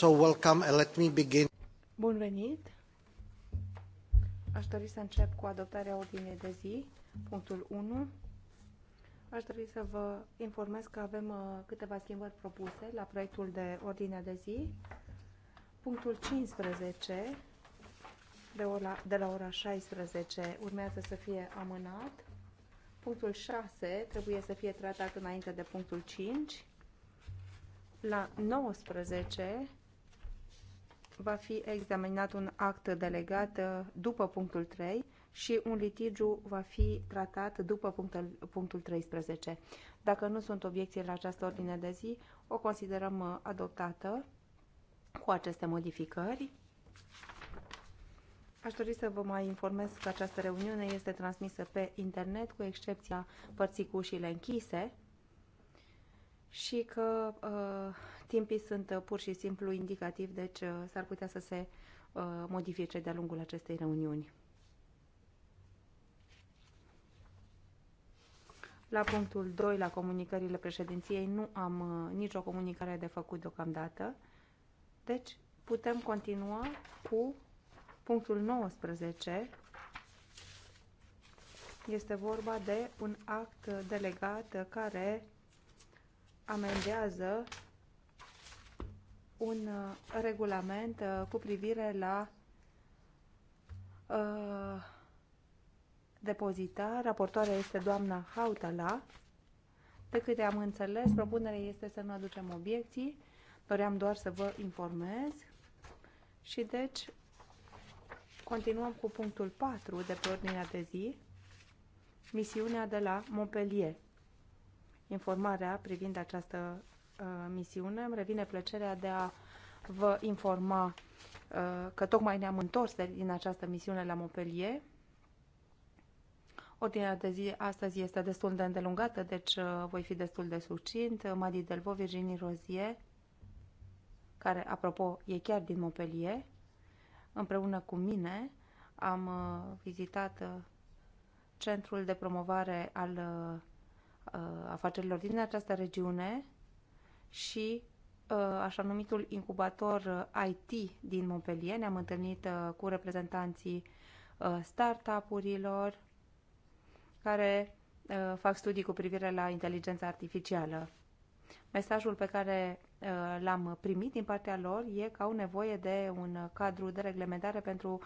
So welcome and let me begin. Bun venit! Aș dori să încep cu adoptarea ordinei de zi, punctul 1. Aș dori să vă informez că avem uh, câteva schimbări propuse la proiectul de ordine de zi. Punctul 15 de, ora, de la ora 16 urmează să fie amânat. Punctul 6 trebuie să fie tratat înainte de punctul 5. La 19 va fi examinat un act delegat uh, după punctul 3 și un litigiu va fi tratat după punctul, punctul 13. Dacă nu sunt obiecții la această ordine de zi, o considerăm uh, adoptată cu aceste modificări. Aș dori să vă mai informez că această reuniune este transmisă pe internet, cu excepția părții cu ușile închise și că uh, timpii sunt uh, pur și simplu indicativ, deci uh, s-ar putea să se uh, modifice de-a lungul acestei reuniuni. La punctul 2, la comunicările președinției, nu am uh, nicio comunicare de făcut deocamdată, deci putem continua cu punctul 19. Este vorba de un act delegat care amendează un uh, regulament uh, cu privire la uh, depozita. Raportoarea este doamna Hautala. De câte am înțeles, propunerea este să nu aducem obiecții. Doream doar să vă informez. Și deci continuăm cu punctul 4 de pe ordinea de zi, misiunea de la Montpellier informarea privind această uh, misiune. Îmi revine plăcerea de a vă informa uh, că tocmai ne-am întors din această misiune la Montpellier. Ordinea de zi astăzi este destul de îndelungată, deci uh, voi fi destul de sucint. Madi Delvo, Virginie Rozie, care, apropo, e chiar din Montpellier, împreună cu mine am uh, vizitat uh, centrul de promovare al uh, Uh, afacerilor din această regiune și uh, așa numitul incubator uh, IT din Montpellier. Ne-am întâlnit cu reprezentanții startup-urilor care fac studii cu privire la inteligența artificială. Mesajul pe care l-am primit din partea lor e că au nevoie de un cadru de reglementare pentru,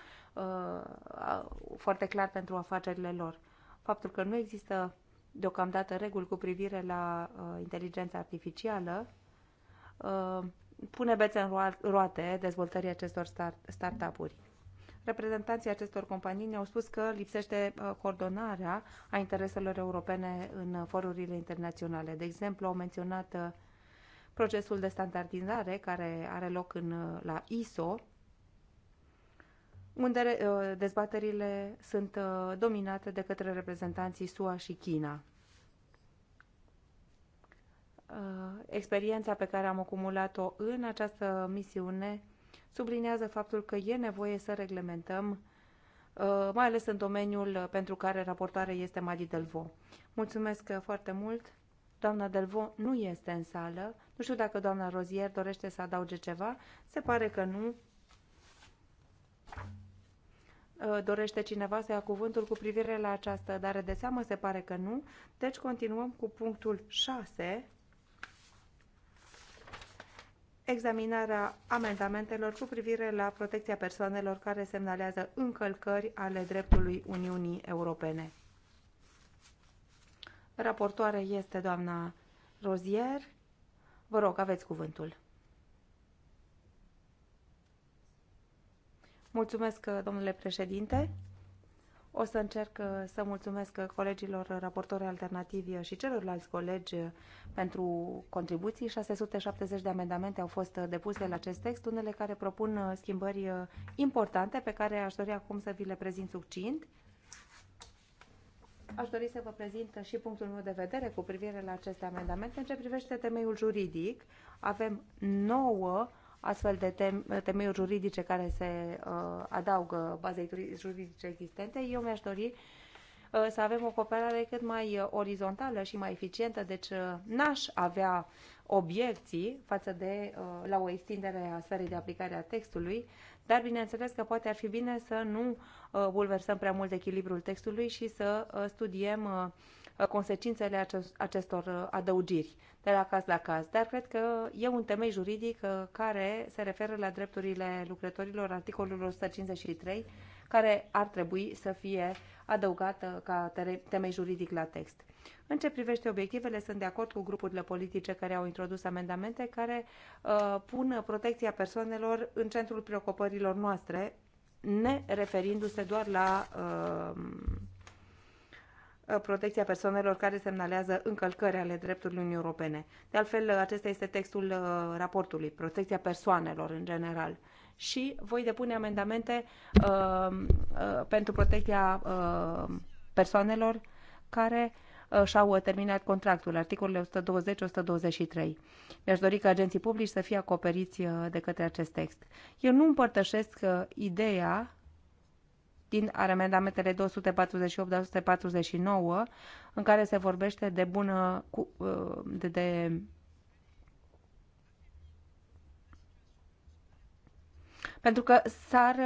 foarte clar pentru afacerile lor. Faptul că nu există deocamdată reguli cu privire la uh, inteligența artificială, uh, pune bețe în roate dezvoltării acestor start startup-uri. Reprezentanții acestor companii ne-au spus că lipsește uh, coordonarea a intereselor europene în uh, forurile internaționale. De exemplu, au menționat uh, procesul de standardizare care are loc în, la ISO, unde uh, dezbaterile sunt uh, dominate de către reprezentanții SUA și China. Uh, experiența pe care am acumulat-o în această misiune sublinează faptul că e nevoie să reglementăm, mai ales în domeniul pentru care raportarea este Madi Delvo. Mulțumesc foarte mult! Doamna Delvo nu este în sală. Nu știu dacă doamna Rozier dorește să adauge ceva. Se pare că nu. Uh, dorește cineva să ia cuvântul cu privire la această dare de seamă? Se pare că nu. Deci continuăm cu punctul 6. Examinarea amendamentelor cu privire la protecția persoanelor care semnalează încălcări ale dreptului Uniunii Europene. Raportoare este doamna Rozier. Vă rog, aveți cuvântul. Mulțumesc, uh, domnule președinte. O să încerc uh, să mulțumesc uh, colegilor raportori alternativi și celorlalți colegi pentru contribuții. 670 de amendamente au fost depuse la acest text, unele care propun schimbări importante pe care aș dori acum să vi le prezint succint. Aș dori să vă prezint și punctul meu de vedere cu privire la aceste amendamente. În ce privește temeiul juridic, avem nouă astfel de temeiuri juridice care se uh, adaugă bazei juridice existente, eu mi-aș dori uh, să avem o cooperare cât mai orizontală și mai eficientă, deci uh, n-aș avea obiecții față de la o extindere a sferei de aplicare a textului, dar bineînțeles că poate ar fi bine să nu bulversăm prea mult echilibrul textului și să studiem Uh, consecințele acestor uh, adăugiri de la caz la caz, dar cred că e un temei juridic uh, care se referă la drepturile lucrătorilor articolul 153, care ar trebui să fie adăugată ca temei juridic la text. În ce privește obiectivele, sunt de acord cu grupurile politice care au introdus amendamente care uh, pun protecția persoanelor în centrul preocupărilor noastre, ne referindu-se doar la uh, Uh, protecția persoanelor care semnalează încălcări ale drepturilor Uniunii Europene. De altfel, uh, acesta este textul uh, raportului, protecția persoanelor în general. Și voi depune amendamente uh, uh, pentru protecția uh, persoanelor care uh, și-au terminat contractul, articolele 120-123. Mi-aș dori ca agenții publici să fie acoperiți uh, de către acest text. Eu nu împărtășesc uh, ideea din amendamentele 248-249, în care se vorbește de bună, uh, de, de pentru că s-ar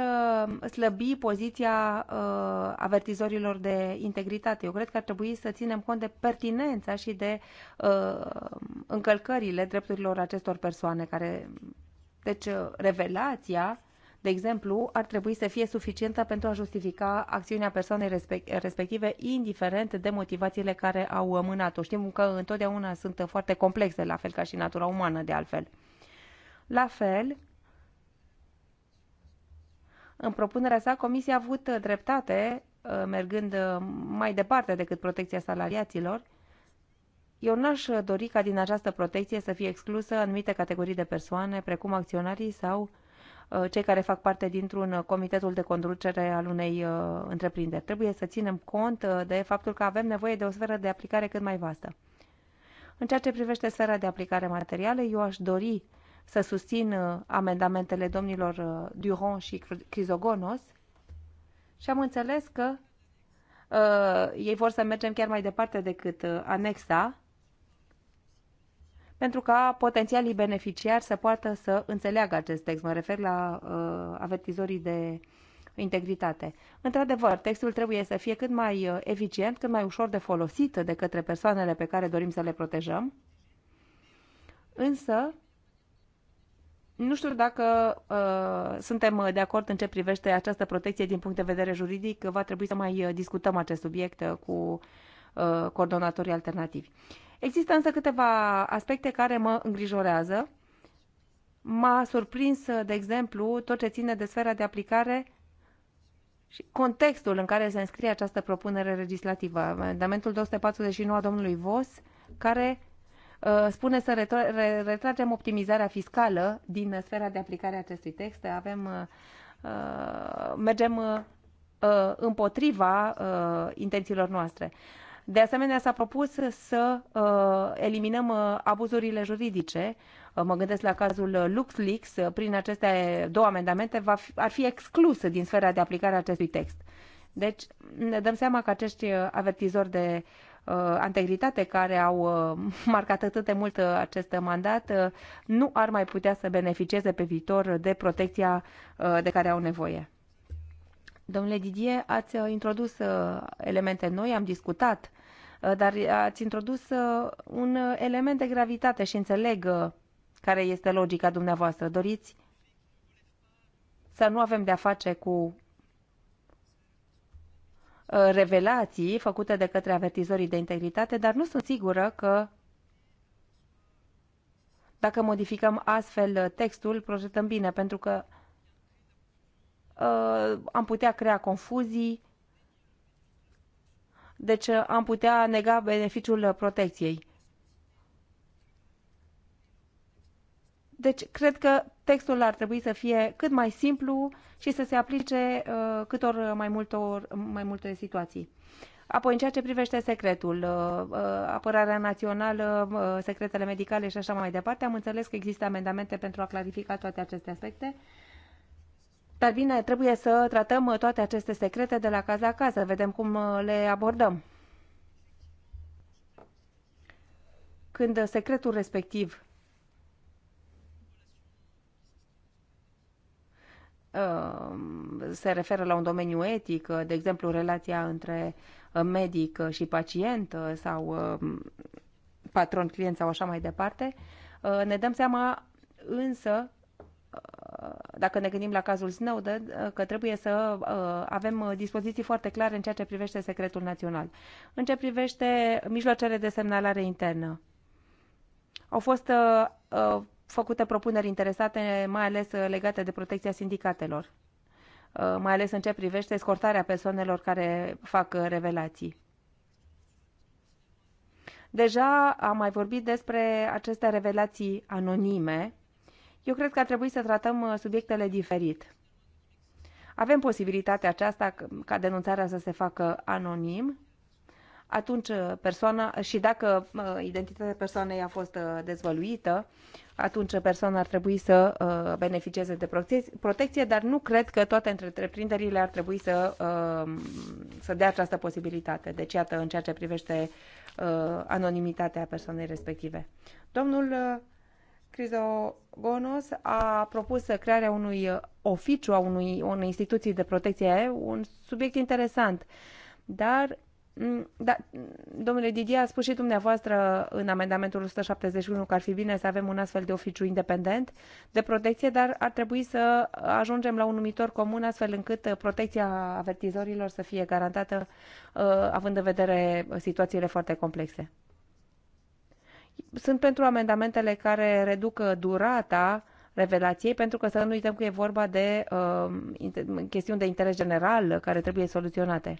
uh, slăbi poziția uh, avertizorilor de integritate. Eu cred că ar trebui să ținem cont de pertinența și de uh, încălcările drepturilor acestor persoane care. Deci, uh, revelația de exemplu, ar trebui să fie suficientă pentru a justifica acțiunea persoanei respective, indiferent de motivațiile care au mânat-o. Știm că întotdeauna sunt foarte complexe, la fel ca și natura umană, de altfel. La fel, în propunerea sa, Comisia a avut dreptate, uh, mergând uh, mai departe decât protecția salariaților. Eu n-aș dori ca din această protecție să fie exclusă anumite categorii de persoane, precum acționarii sau Uh, cei care fac parte dintr-un uh, comitetul de conducere al unei uh, întreprinderi. Trebuie să ținem cont de faptul că avem nevoie de o sferă de aplicare cât mai vastă. În ceea ce privește sfera de aplicare materială, eu aș dori să susțin amendamentele domnilor Duron și Crizogonos și am înțeles că uh, ei vor să mergem chiar mai departe decât anexa pentru ca potențialii beneficiari să poată să înțeleagă acest text. Mă refer la uh, avertizorii de integritate. Într-adevăr, textul trebuie să fie cât mai uh, eficient, cât mai ușor de folosit de către persoanele pe care dorim să le protejăm, însă nu știu dacă uh, suntem de acord în ce privește această protecție din punct de vedere juridic. Va trebui să mai uh, discutăm acest subiect uh, cu uh, coordonatorii alternativi. Uh, Există însă câteva aspecte care mă îngrijorează. M-a surprins, de exemplu, tot ce ține de sfera de aplicare și contextul în care se înscrie această propunere legislativă. Amendamentul 249 a domnului Vos, care uh, spune să retragem optimizarea fiscală din sfera de aplicare a acestui text. Avem, uh, uh mergem uh, împotriva uh, intențiilor noastre. De asemenea, s-a propus să uh, eliminăm uh, abuzurile juridice. Uh, mă gândesc la cazul LuxLeaks. Uh, prin aceste două amendamente va fi, ar fi exclus din sfera de aplicare a acestui text. Deci ne dăm seama că acești uh, avertizori de uh, integritate care au uh, marcat atât de mult uh, acest mandat uh, nu ar mai putea să beneficieze pe viitor de protecția uh, de care au nevoie. Domnule Didier, ați introdus elemente noi, am discutat Uh, dar ați introdus uh, un uh, element de gravitate și înțeleg care este logica dumneavoastră. Doriți să nu avem de-a face cu revelații făcute de către avertizorii de integritate, dar nu sunt sigură că dacă modificăm astfel textul, procedăm bine, pentru că uh, am putea crea confuzii deci uh, am putea nega beneficiul uh, protecției. Deci, cred că textul ar trebui să fie cât mai simplu și să se aplice uh, câtor uh, mai, multor, mai multe situații. Apoi, în ceea ce privește secretul, uh, apărarea națională, uh, secretele medicale și așa mai departe, am înțeles că există amendamente pentru a clarifica toate aceste aspecte. Uh, dar bine, trebuie să tratăm toate aceste secrete de la caz la caz, să vedem cum uh, le abordăm. Când secretul respectiv uh, se referă la un domeniu etic, uh, de exemplu relația între medic și pacient sau patron-client sau așa mai departe, ne dăm seama însă Uh, dacă ne gândim la cazul Snowden, uh, că trebuie să uh, avem dispoziții foarte clare în ceea ce privește secretul național. În ce privește mijloacele de semnalare internă. Au fost făcute propuneri interesate, mai ales legate de protecția sindicatelor, mai ales în ce privește escortarea persoanelor care fac revelații. Deja am mai vorbit despre aceste revelații anonime, eu cred că ar trebui să tratăm uh, subiectele diferit. Avem posibilitatea aceasta ca denunțarea să se facă anonim, atunci uh, persoana și dacă uh, identitatea persoanei a fost dezvăluită, atunci persoana ar trebui să beneficieze de protecție, dar nu cred că toate întreprinderile ar trebui să, să dea această posibilitate. Deci, iată, în ceea ce privește anonimitatea persoanei respective. Domnul Crizogonos a propus crearea unui oficiu, a unui, unei instituții de protecție, un subiect interesant. Dar, da, domnule Didier, a spus și dumneavoastră în amendamentul 171 că ar fi bine să avem un astfel de oficiu independent de protecție, dar ar trebui să ajungem la un numitor comun astfel încât protecția avertizorilor să fie garantată, uh, având în vedere situațiile foarte complexe. Sunt pentru amendamentele care reduc uh, durata revelației, pentru că să nu uităm că e vorba de uh, chestiuni de interes general care trebuie soluționate.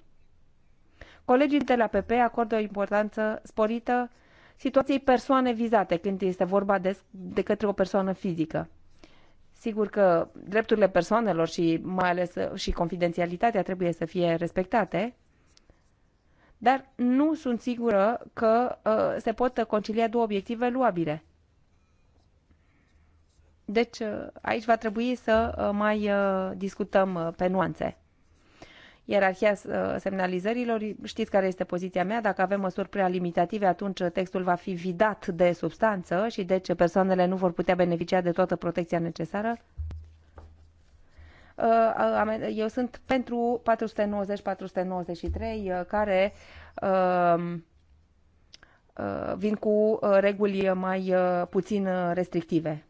Colegii de la PP acordă o importanță sporită situației persoane vizate când este vorba de, de către o persoană fizică. Sigur că drepturile persoanelor și mai ales uh, și confidențialitatea trebuie să fie respectate, dar nu sunt sigură că uh, se pot concilia două obiective luabile. Deci uh, aici va trebui să uh, mai uh, discutăm uh, pe nuanțe. Ierarhia uh, semnalizărilor, știți care este poziția mea, dacă avem măsuri prea limitative, atunci uh, textul va fi vidat de substanță și deci persoanele nu vor putea beneficia de toată protecția necesară Uh, eu sunt pentru 490-493 uh, care um, uh, vin cu reguli mai puțin restrictive.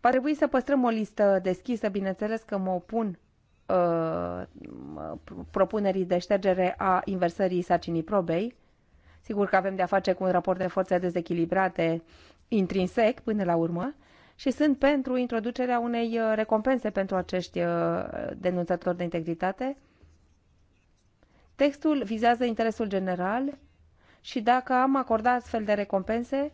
Va trebui să păstrăm o listă deschisă, bineînțeles că mă opun propunerii de ștergere a inversării sarcinii probei. Sigur că avem de-a face cu un raport de forțe dezechilibrate intrinsec până la urmă, și sunt pentru introducerea unei uh, recompense pentru acești uh, denunțători de integritate. Textul vizează interesul general și dacă am acordat astfel de recompense,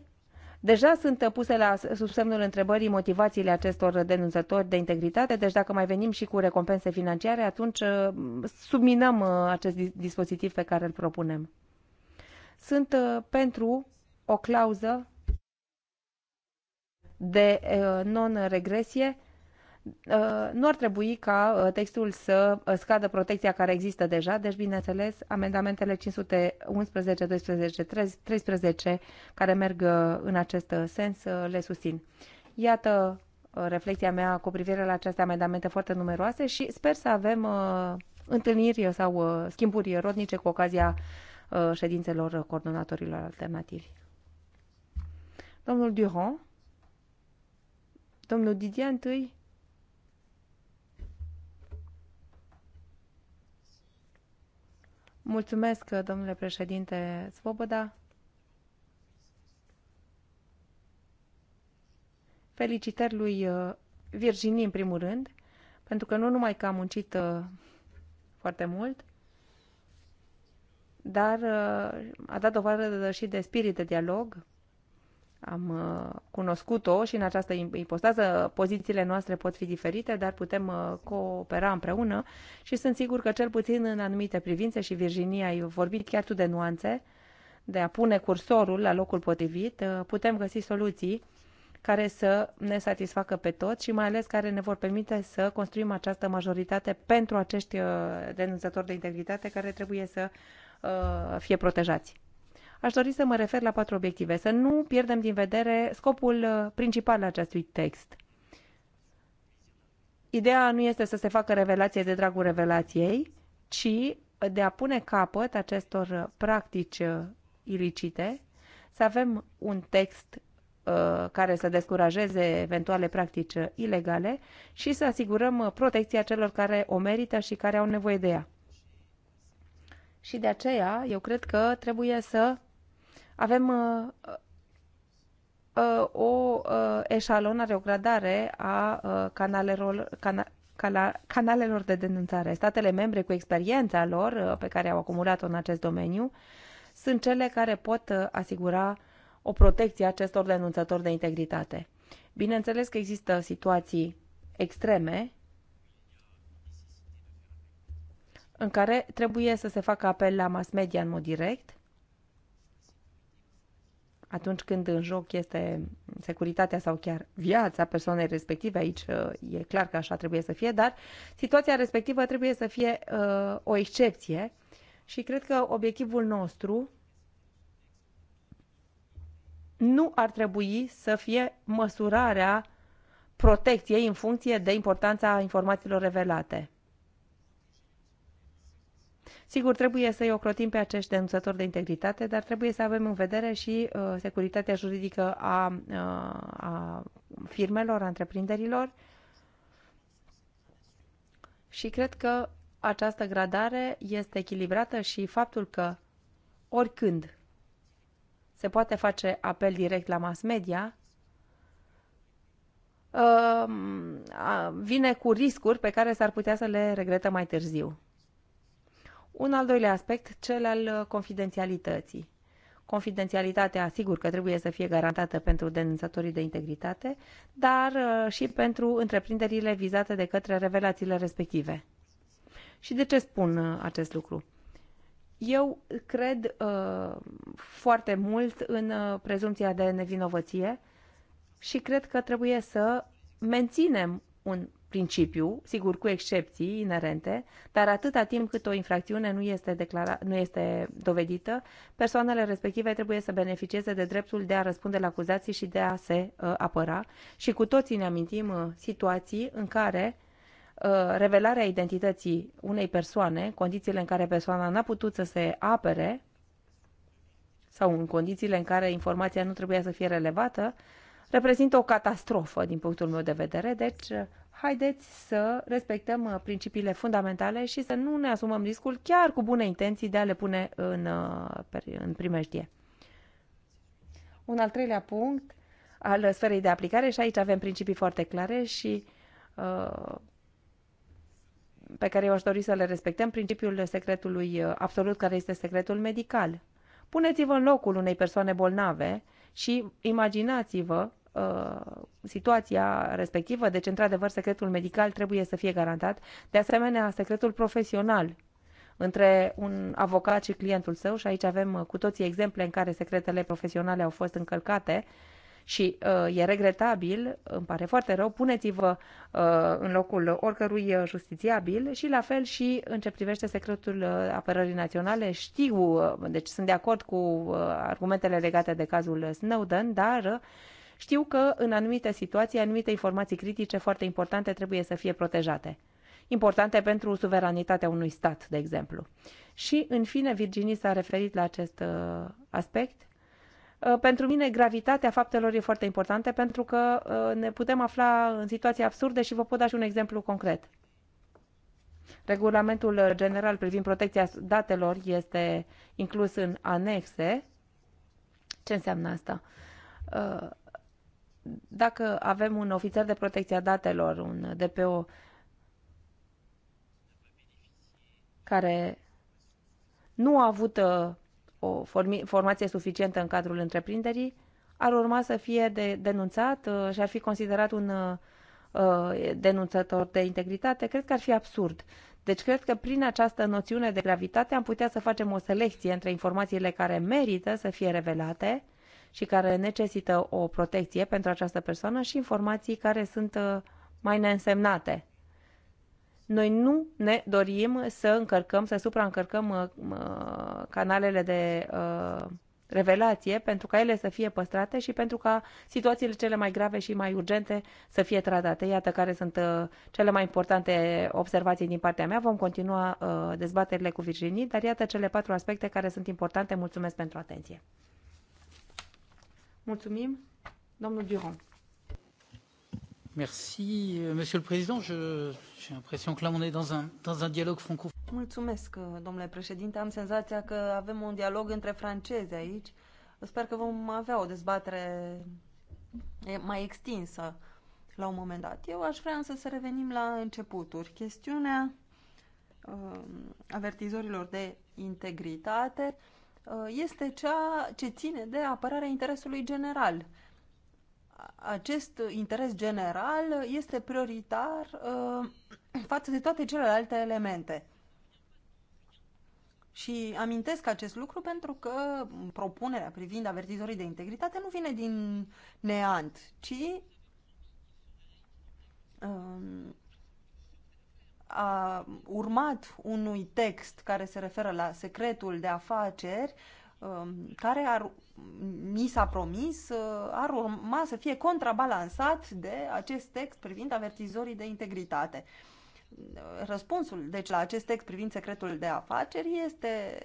Deja sunt puse la sub semnul întrebării motivațiile acestor denunțători de integritate, deci dacă mai venim și cu recompense financiare, atunci uh, subminăm acest dispozitiv pe care îl propunem. Sunt pentru o clauză de uh, non-regresie, uh, nu ar trebui ca uh, textul să scadă protecția care există deja, deci, bineînțeles, amendamentele 511, 12, 13, care merg în acest sens, le susțin. Iată reflexia mea cu privire la aceste amendamente foarte numeroase și sper să avem întâlniri sau schimburi rodnice cu ocazia ședințelor coordonatorilor alternativi. Domnul Durand, Domnul Didier întâi. Mulțumesc, domnule președinte Svoboda. Felicitări lui uh, Virginie, în primul rând, pentru că nu numai că a muncit uh, foarte mult, dar uh, a dat dovadă și de spirit de dialog am uh, cunoscut-o și în această ipostază pozițiile noastre pot fi diferite, dar putem uh, coopera împreună și sunt sigur că cel puțin în anumite privințe și Virginia ai vorbit chiar tu de nuanțe, de a pune cursorul la locul potrivit, uh, putem găsi soluții care să ne satisfacă pe toți și mai ales care ne vor permite să construim această majoritate pentru acești denunțători de integritate care trebuie să fie protejați. Aș dori să mă refer la patru obiective, să nu pierdem din vedere scopul uh, principal al acestui text. Ideea nu este să se facă revelație de dragul revelației, ci de a pune capăt acestor uh, practici uh, ilicite, să avem un text care să descurajeze eventuale practici ilegale și să asigurăm protecția celor care o merită și care au nevoie de ea. Și de aceea, eu cred că trebuie să avem uh, uh, o uh, eșalonare, o gradare a canalelor, cana, cala, canalelor de denunțare. Statele membre cu experiența lor pe care au acumulat-o în acest domeniu sunt cele care pot asigura o protecție acestor denunțători de integritate. Bineînțeles că există situații extreme în care trebuie să se facă apel la mass media în mod direct, atunci când în joc este securitatea sau chiar viața persoanei respective, aici uh, e clar că așa trebuie să fie, dar situația respectivă trebuie să fie uh, o excepție și cred că obiectivul nostru nu ar trebui să fie măsurarea protecției în funcție de importanța informațiilor revelate. Sigur, trebuie să-i ocrotim pe acești denunțători de integritate, dar trebuie să avem în vedere și uh, securitatea juridică a, uh, a firmelor, a întreprinderilor. Și cred că această gradare este echilibrată și faptul că oricând se poate face apel direct la mass media, uh, uh, vine cu riscuri pe care s-ar putea să le regretă mai târziu. Un al doilea aspect, cel al uh, confidențialității. Confidențialitatea, sigur că trebuie să fie garantată pentru denunțătorii de integritate, dar uh, și pentru întreprinderile vizate de către revelațiile respective. Și de ce spun uh, acest lucru? Eu cred uh, foarte mult în prezumția de nevinovăție și cred că trebuie să menținem un principiu, sigur cu excepții inerente, dar atâta timp cât o infracțiune nu este, declara- nu este dovedită, persoanele respective trebuie să beneficieze de dreptul de a răspunde la acuzații și de a se uh, apăra. Și cu toții ne amintim uh, situații în care uh, revelarea identității unei persoane, condițiile în care persoana n-a putut să se apere sau în condițiile în care informația nu trebuia să fie relevată, reprezintă o catastrofă din punctul meu de vedere, deci uh, haideți să respectăm uh, principiile fundamentale și să nu ne asumăm riscul chiar cu bune intenții de a le pune în, uh, în primejdie. Un al treilea punct al sferei de aplicare și aici avem principii foarte clare și uh, pe care eu aș dori să le respectăm, principiul secretului uh, absolut care este secretul medical. Puneți-vă în locul unei persoane bolnave și imaginați-vă Uh, situația respectivă, deci într-adevăr secretul medical trebuie să fie garantat, de asemenea secretul profesional între un avocat și clientul său și aici avem uh, cu toții exemple în care secretele profesionale au fost încălcate și uh, e regretabil, îmi pare foarte rău, puneți-vă uh, în locul oricărui justițiabil și la fel și în ce privește secretul uh, apărării naționale, știu, uh, deci sunt de acord cu uh, argumentele legate de cazul Snowden, dar uh, știu că în anumite situații, anumite informații critice foarte importante trebuie să fie protejate. Importante pentru suveranitatea unui stat, de exemplu. Și, în fine, Virginie s-a referit la acest uh, aspect uh, pentru mine gravitatea faptelor e foarte importantă pentru că uh, ne putem afla în situații absurde și vă pot da și un exemplu concret. Regulamentul general privind protecția datelor este inclus în anexe. Ce înseamnă asta? dacă avem un ofițer de protecție a datelor, un DPO, care nu a avut uh, o formație suficientă în cadrul întreprinderii, ar urma să fie de, denunțat uh, și ar fi considerat un uh, denunțător de integritate, cred că ar fi absurd. Deci cred că prin această noțiune de gravitate am putea să facem o selecție între informațiile care merită să fie revelate și care necesită o protecție pentru această persoană și informații care sunt uh, mai neînsemnate. Noi nu ne dorim să încărcăm, să supraîncărcăm uh, uh, canalele de revelație pentru ca ele să fie păstrate și pentru ca situațiile cele mai grave și mai urgente să fie tratate. Iată care sunt cele mai importante observații din partea mea. Vom continua dezbaterile cu Virginie, dar iată cele patru aspecte care sunt importante. Mulțumesc pentru atenție. Mulțumim. Domnul Durand. Merci, Monsieur le Président. J'ai l'impression que là, on est dans un, dans un dialogue franco. Mulțumesc, domnule președinte. Am senzația că avem un dialog între francezi aici. Sper că vom avea o dezbatere mai extinsă la un moment dat. Eu aș vrea însă să revenim la începuturi. Chestiunea uh, avertizorilor de integritate Uh, este cea ce ține de apărarea interesului general. Acest interes general este prioritar uh, față de toate celelalte elemente. Și amintesc acest lucru pentru că propunerea privind avertizorii de integritate nu vine din neant, ci um, a urmat unui text care se referă la secretul de afaceri, um, care ar, mi s-a promis uh, ar urma să fie contrabalansat de acest text privind avertizorii de integritate. Răspunsul, deci, la acest text privind secretul de afaceri este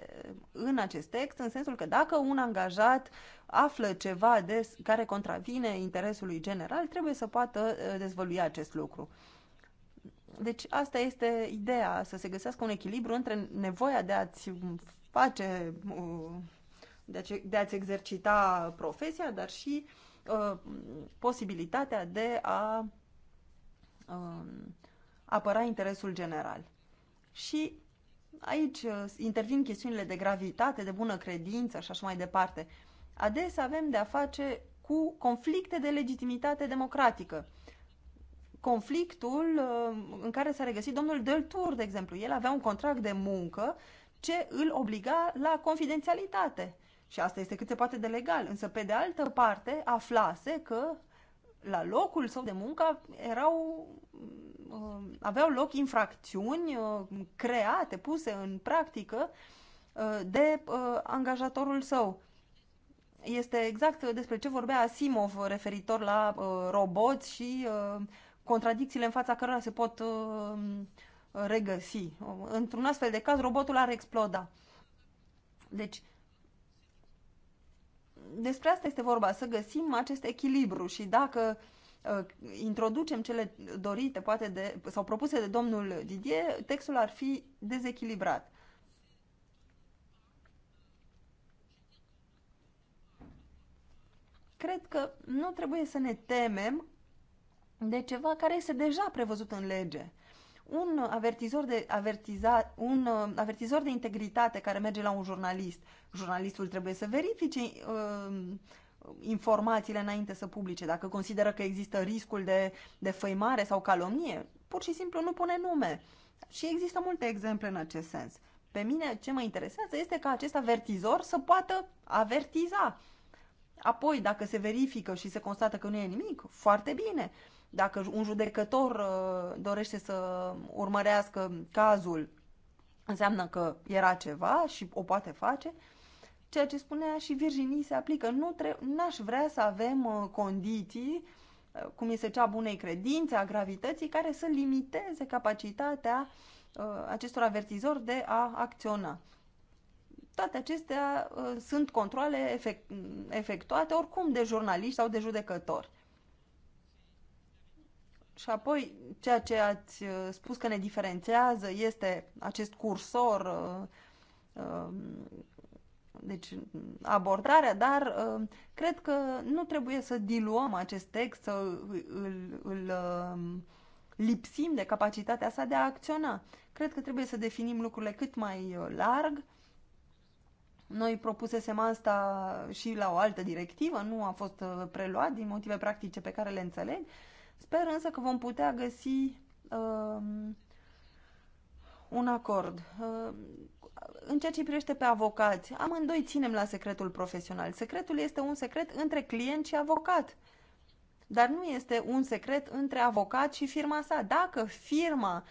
în acest text, în sensul că dacă un angajat află ceva des, care contravine interesului general, trebuie să poată uh, dezvălui acest lucru. Deci asta este ideea, să se găsească un echilibru între nevoia de a-ți face, uh, de a-ți, exercita profesia, dar și uh, posibilitatea de a uh, apăra interesul general. Și aici intervin chestiunile de gravitate, de bună credință și așa mai departe. Adesea avem de a face cu conflicte de legitimitate democratică conflictul uh, în care s-a regăsit domnul Deltour, de exemplu. El avea un contract de muncă ce îl obliga la confidențialitate. Și asta este cât se poate de legal. Însă, pe de altă parte, aflase că la locul său de muncă erau, uh, aveau loc infracțiuni uh, create, puse în practică de angajatorul său. Este exact despre ce vorbea Simov referitor la roboți și contradicțiile în fața cărora se pot uh, regăsi. Într-un astfel de caz, robotul ar exploda. Deci, despre asta este vorba, să găsim acest echilibru și dacă uh, introducem cele dorite poate de, sau propuse de domnul Didier, textul ar fi dezechilibrat. Cred că nu trebuie să ne temem de ceva care este deja prevăzut în lege. Un avertizor de, avertiza, un uh, avertizor de integritate care merge la un jurnalist, jurnalistul trebuie să verifice uh, informațiile înainte să publice, dacă consideră că există riscul de, de făimare sau calomnie, pur și simplu nu pune nume. Și există multe exemple în acest sens. Pe mine ce mă interesează este ca acest avertizor să poată avertiza. Apoi, dacă se verifică și se constată că nu e nimic, foarte bine. Dacă un judecător uh, dorește să urmărească cazul, înseamnă că era ceva și o poate face. Ceea ce spunea și Virginie se aplică. Nu aș vrea să avem uh, condiții, uh, cum este cea bunei credințe, a gravității, care să limiteze capacitatea acestor avertizori de a acționa toate acestea uh, sunt controle efect, efectuate oricum de jurnaliști sau de judecători. Și apoi, ceea ce ați uh, spus că ne diferențează este acest cursor, uh, um, deci abordarea, dar uh, cred că nu trebuie să diluăm acest text, să îl, îl um, lipsim de capacitatea sa de a acționa. Cred că trebuie să definim lucrurile cât mai larg. Noi propusesem asta și la o altă directivă, nu a fost preluat din motive practice pe care le înțeleg Sper însă că vom putea găsi uh, un acord. Uh, în ceea ce privește pe avocați, amândoi ținem la secretul profesional. Secretul este un secret între client și avocat. Dar nu este un secret între avocat și firma sa. Dacă firma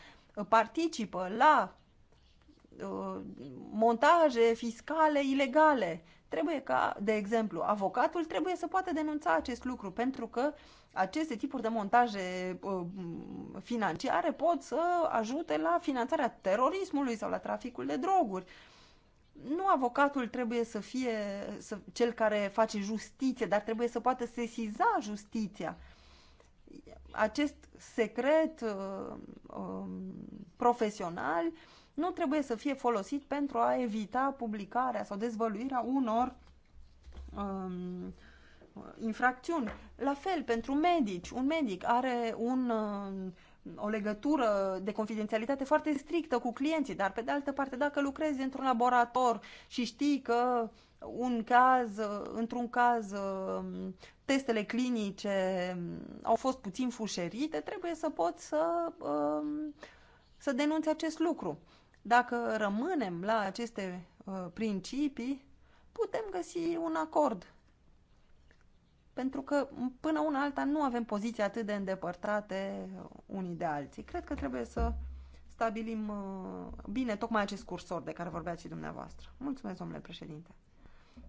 participă la uh, montaje fiscale ilegale, Trebuie ca, de exemplu, avocatul trebuie să poată denunța acest lucru, pentru că aceste tipuri de montaje uh, financiare pot să ajute la finanțarea terorismului sau la traficul de droguri. Nu avocatul trebuie să fie să, cel care face justiție, dar trebuie să poată sesiza justiția acest secret uh, uh, profesional nu trebuie să fie folosit pentru a evita publicarea sau dezvăluirea unor um, infracțiuni. La fel, pentru medici, un medic are un, um, o legătură de confidențialitate foarte strictă cu clienții, dar pe de altă parte, dacă lucrezi într-un laborator și știi că un caz, într-un caz um, testele clinice um, au fost puțin fușerite, trebuie să poți să, să denunți acest lucru. Dacă rămânem la aceste uh, principii, putem găsi un acord. Pentru că până una alta nu avem poziții atât de îndepărtate uh, unii de alții. Cred că trebuie să stabilim uh, bine tocmai acest cursor de care vorbeați și dumneavoastră. Mulțumesc, domnule președinte.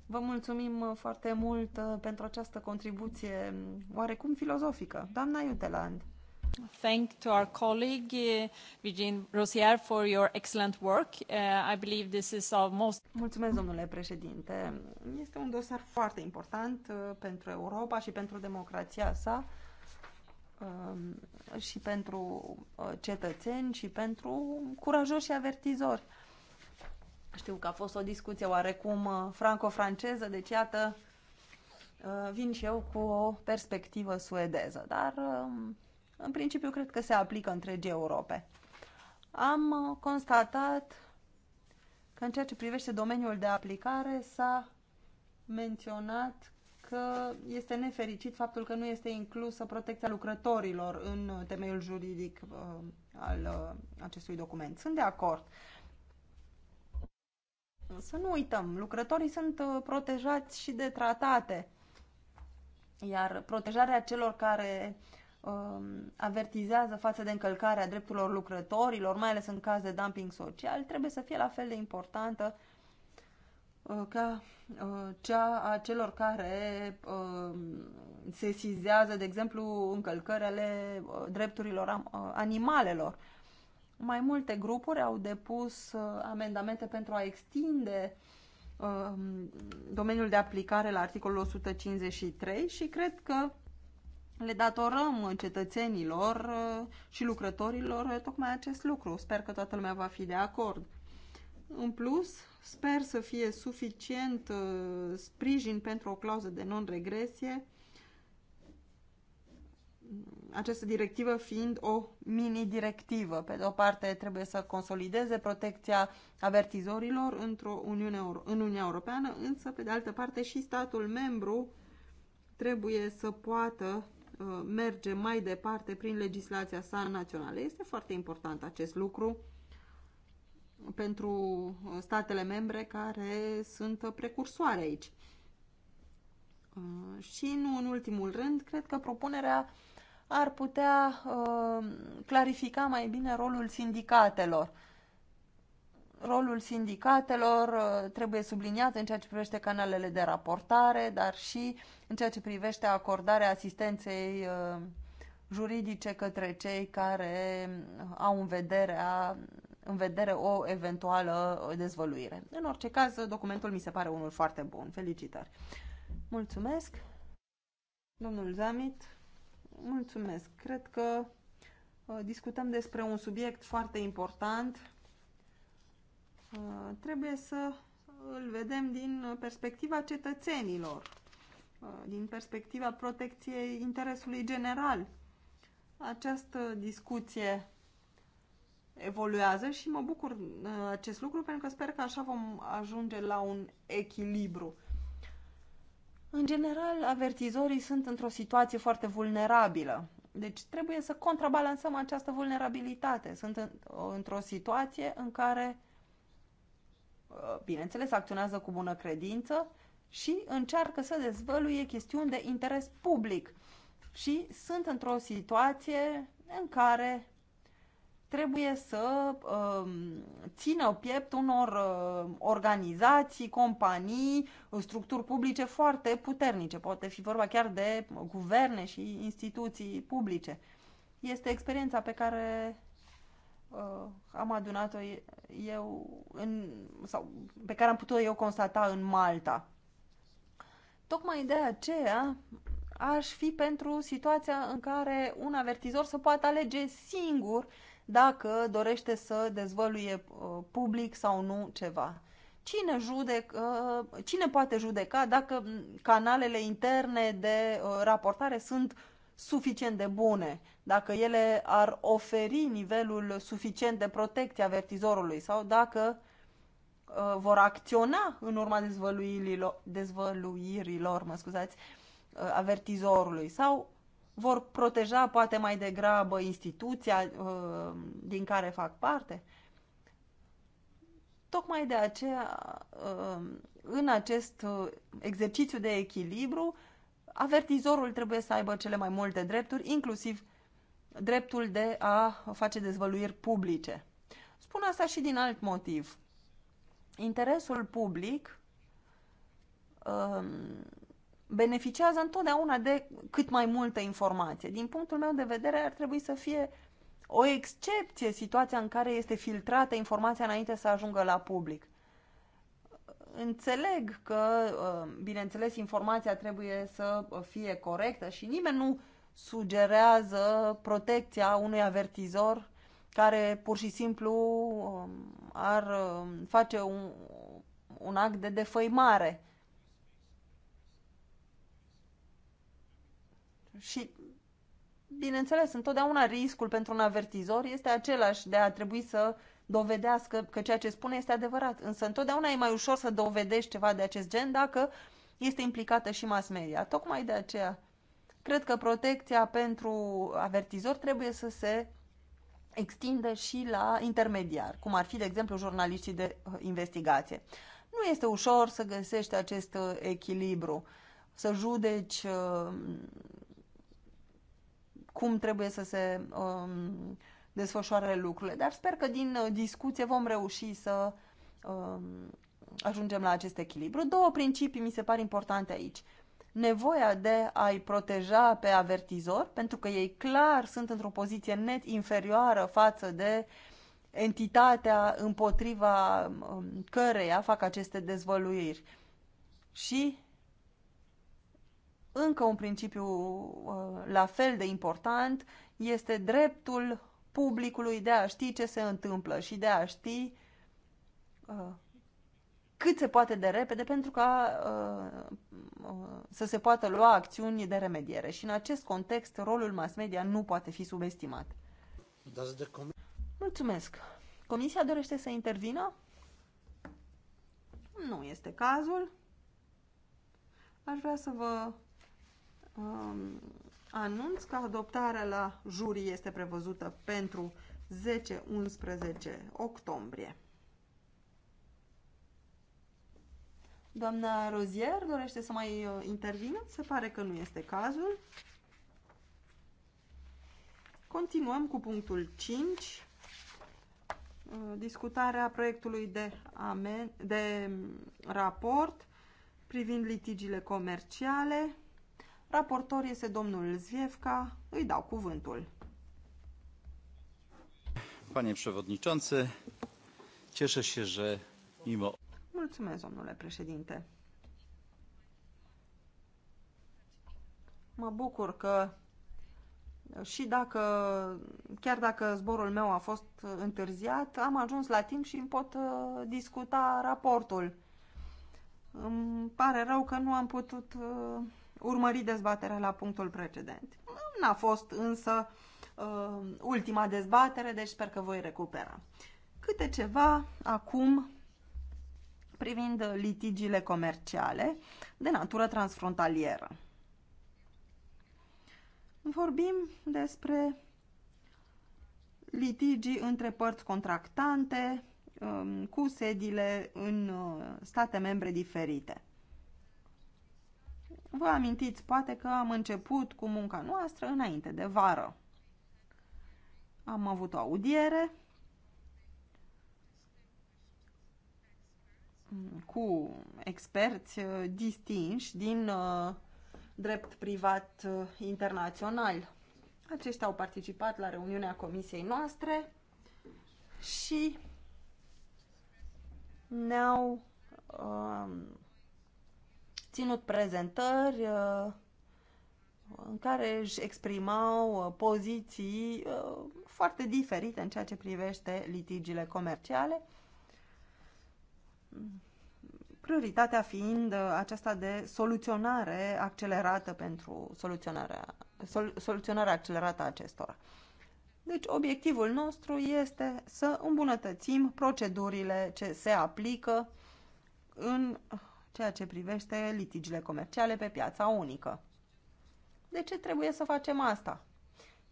Vă mulțumim uh, foarte mult uh, pentru această contribuție mm, oarecum filozofică. Doamna Iuteland. Thank to our colleague uh, Virgin Rosier for your excellent work. Uh, I believe this is our most Mulțumesc domnule președinte. Este un dosar foarte important uh, pentru Europa și pentru democrația sa um, și pentru cetățeni și pentru curajoși și avertizori. Știu că a fost o discuție oarecum franco-franceză, deci iată, vin și eu cu o perspectivă suedeză, dar um, în principiu, cred că se aplică întregii Europe. Am uh, constatat că în ceea ce privește domeniul de aplicare s-a menționat că este nefericit faptul că nu este inclusă protecția lucrătorilor în uh, temeiul juridic uh, al uh, acestui document. Sunt de acord. Să nu uităm, lucrătorii sunt uh, protejați și de tratate, iar protejarea celor care uh, Um, avertizează față de încălcarea drepturilor lucrătorilor, mai ales în caz de dumping social, trebuie să fie la fel de importantă uh, ca uh, cea a celor care um, se sizează, de exemplu, încălcările uh, drepturilor animalelor. Mai multe grupuri au depus amendamente pentru a extinde um, domeniul de aplicare la articolul 153 și cred că le datorăm cetățenilor uh, și lucrătorilor uh, tocmai acest lucru. Sper că toată lumea va fi de acord. În plus, sper să fie suficient uh, sprijin pentru o clauză de non-regresie, această directivă fiind o mini-directivă. Pe de o parte, trebuie să consolideze protecția avertizorilor într-o Uniune, în Uniunea Europeană, însă, pe de altă parte, și statul membru trebuie să poată Uh, merge mai departe prin legislația sa națională. Este foarte important acest lucru pentru uh, statele membre care sunt uh, precursoare aici. Și nu în ultimul rând, cred că propunerea ar putea clarifica mai bine rolul sindicatelor rolul sindicatelor uh, trebuie subliniat în ceea ce privește canalele de raportare, dar și în ceea ce privește acordarea asistenței uh, juridice către cei care au în vedere, a, în vedere o eventuală dezvăluire. În orice caz, documentul mi se pare unul foarte bun. Felicitări! Mulțumesc! Domnul Zamit, mulțumesc! Cred că uh, discutăm despre un subiect foarte important Uh, trebuie să îl vedem din perspectiva cetățenilor, uh, din perspectiva protecției interesului general. Această discuție evoluează și mă bucur uh, acest lucru pentru că sper că așa vom ajunge la un echilibru. În general, avertizorii sunt într-o situație foarte vulnerabilă. Deci trebuie să contrabalansăm această vulnerabilitate. Sunt într-o situație în care Uh, bineînțeles, acționează cu bună credință și încearcă să dezvăluie chestiuni de interes public. Și sunt într-o situație în care trebuie să uh, țină piept unor uh, organizații, companii, structuri publice foarte puternice. Poate fi vorba chiar de guverne și instituții publice. Este experiența pe care uh, am adunat-o eu în, sau pe care am putut eu constata în Malta. Tocmai de aceea aș fi pentru situația în care un avertizor să poată alege singur dacă dorește să dezvăluie uh, public sau nu ceva. Cine, judecă, uh, cine poate judeca dacă canalele interne de uh, raportare sunt suficient de bune, dacă ele ar oferi nivelul suficient de protecție avertizorului sau dacă uh, vor acționa în urma dezvăluirilor, dezvăluirilor mă scuzați, uh, avertizorului sau vor proteja poate mai degrabă instituția uh, din care fac parte. Tocmai de aceea, uh, în acest uh, exercițiu de echilibru, avertizorul trebuie să aibă cele mai multe drepturi, inclusiv dreptul de a face dezvăluiri publice. Spun asta și din alt motiv. Interesul public um, beneficiază întotdeauna de cât mai multă informație. Din punctul meu de vedere, ar trebui să fie o excepție situația în care este filtrată informația înainte să ajungă la public înțeleg că, uh, bineînțeles, informația trebuie să fie corectă și nimeni nu sugerează protecția unui avertizor care pur și simplu um, ar um, face un, un act de defăimare. Și, bineînțeles, întotdeauna riscul pentru un avertizor este același de a trebui să uh, dovedească că ceea ce spune este adevărat. Însă întotdeauna e mai ușor să dovedești ceva de acest gen dacă este implicată și mass media. Tocmai de aceea cred că protecția pentru avertizor trebuie să se extindă și la intermediar, cum ar fi, de exemplu, jurnaliștii de uh, investigație. Nu este ușor să găsești acest uh, echilibru, să judeci uh, cum trebuie să se um, desfășoare lucrurile. Dar sper că din uh, discuție vom reuși să um, ajungem la acest echilibru. Două principii mi se par importante aici. Nevoia de a-i proteja pe avertizor, pentru că ei clar sunt într-o poziție net inferioară față de entitatea împotriva um, căreia fac aceste dezvăluiri. Și încă un principiu uh, la fel de important este dreptul publicului, de a ști ce se întâmplă și de a ști uh, cât se poate de repede pentru ca uh, uh să se poată lua acțiuni de remediere. Și în acest context, rolul mass media nu poate fi subestimat. Mulțumesc! Comisia dorește să intervină? Nu este cazul. Aș vrea să vă um, Anunț că adoptarea la jurii este prevăzută pentru 10-11 octombrie. Doamna Rozier dorește să mai uh, intervină? Se pare că nu este cazul. Continuăm cu punctul 5, uh, discutarea proiectului de, amen, de mm, raport privind litigiile comerciale. Raportor este domnul Zviefka. Îi dau cuvântul. Panie przewodniczący, cieszę się, że mimo... Mulțumesc, domnule președinte. Mă bucur că și dacă, chiar dacă zborul meu a fost întârziat, am ajuns la timp și îmi pot uh, discuta raportul. Îmi pare rău că nu am putut uh, urmări dezbaterea la punctul precedent. N-a fost însă uh, ultima dezbatere, deci sper că voi recupera. Câte ceva acum privind litigiile comerciale de natură transfrontalieră. Vorbim despre litigii între părți contractante um, cu sediile în uh, state membre diferite. Vă amintiți poate că am început cu munca noastră înainte de vară. Am avut o audiere cu experți uh, distinși din uh, drept privat uh, internațional. Aceștia au participat la reuniunea comisiei noastre și ne-au um, ținut prezentări uh, în care își exprimau uh, poziții uh, foarte diferite în ceea ce privește litigiile comerciale, prioritatea fiind aceasta de soluționare accelerată pentru soluționarea, sol, soluționarea accelerată a acestora. Deci obiectivul nostru este să îmbunătățim procedurile ce se aplică în ceea ce privește litigiile comerciale pe piața unică. De ce trebuie să facem asta?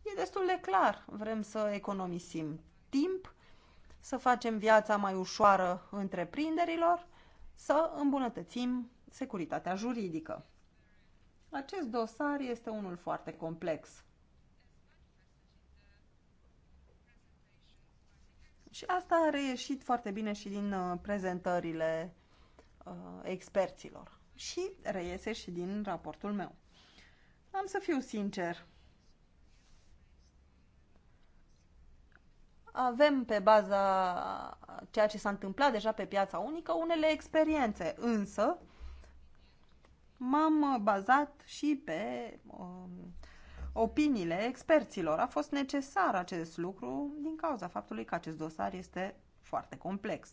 E destul de clar. Vrem să economisim timp, să facem viața mai ușoară întreprinderilor, să îmbunătățim securitatea juridică. Acest dosar este unul foarte complex. Și asta a reieșit foarte bine și din uh, prezentările uh, experților. Și reiese și din raportul meu. Am să fiu sincer. Avem pe baza ceea ce s-a întâmplat deja pe piața unică unele experiențe, însă m-am bazat și pe um, opiniile experților. A fost necesar acest lucru din cauza faptului că acest dosar este foarte complex.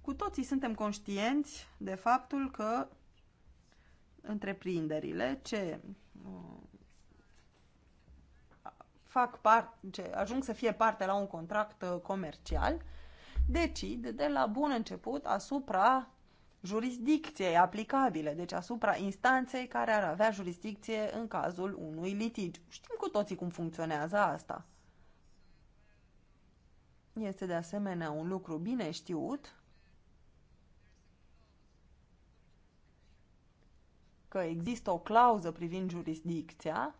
Cu toții suntem conștienți de faptul că întreprinderile ce uh, fac parte, ce ajung să fie parte la un contract uh, comercial, decid de la bun început asupra jurisdicției aplicabile, deci asupra instanței care ar avea jurisdicție în cazul unui litigiu. Știm cu toții cum funcționează asta. Este de asemenea un lucru bine știut că există o clauză privind jurisdicția,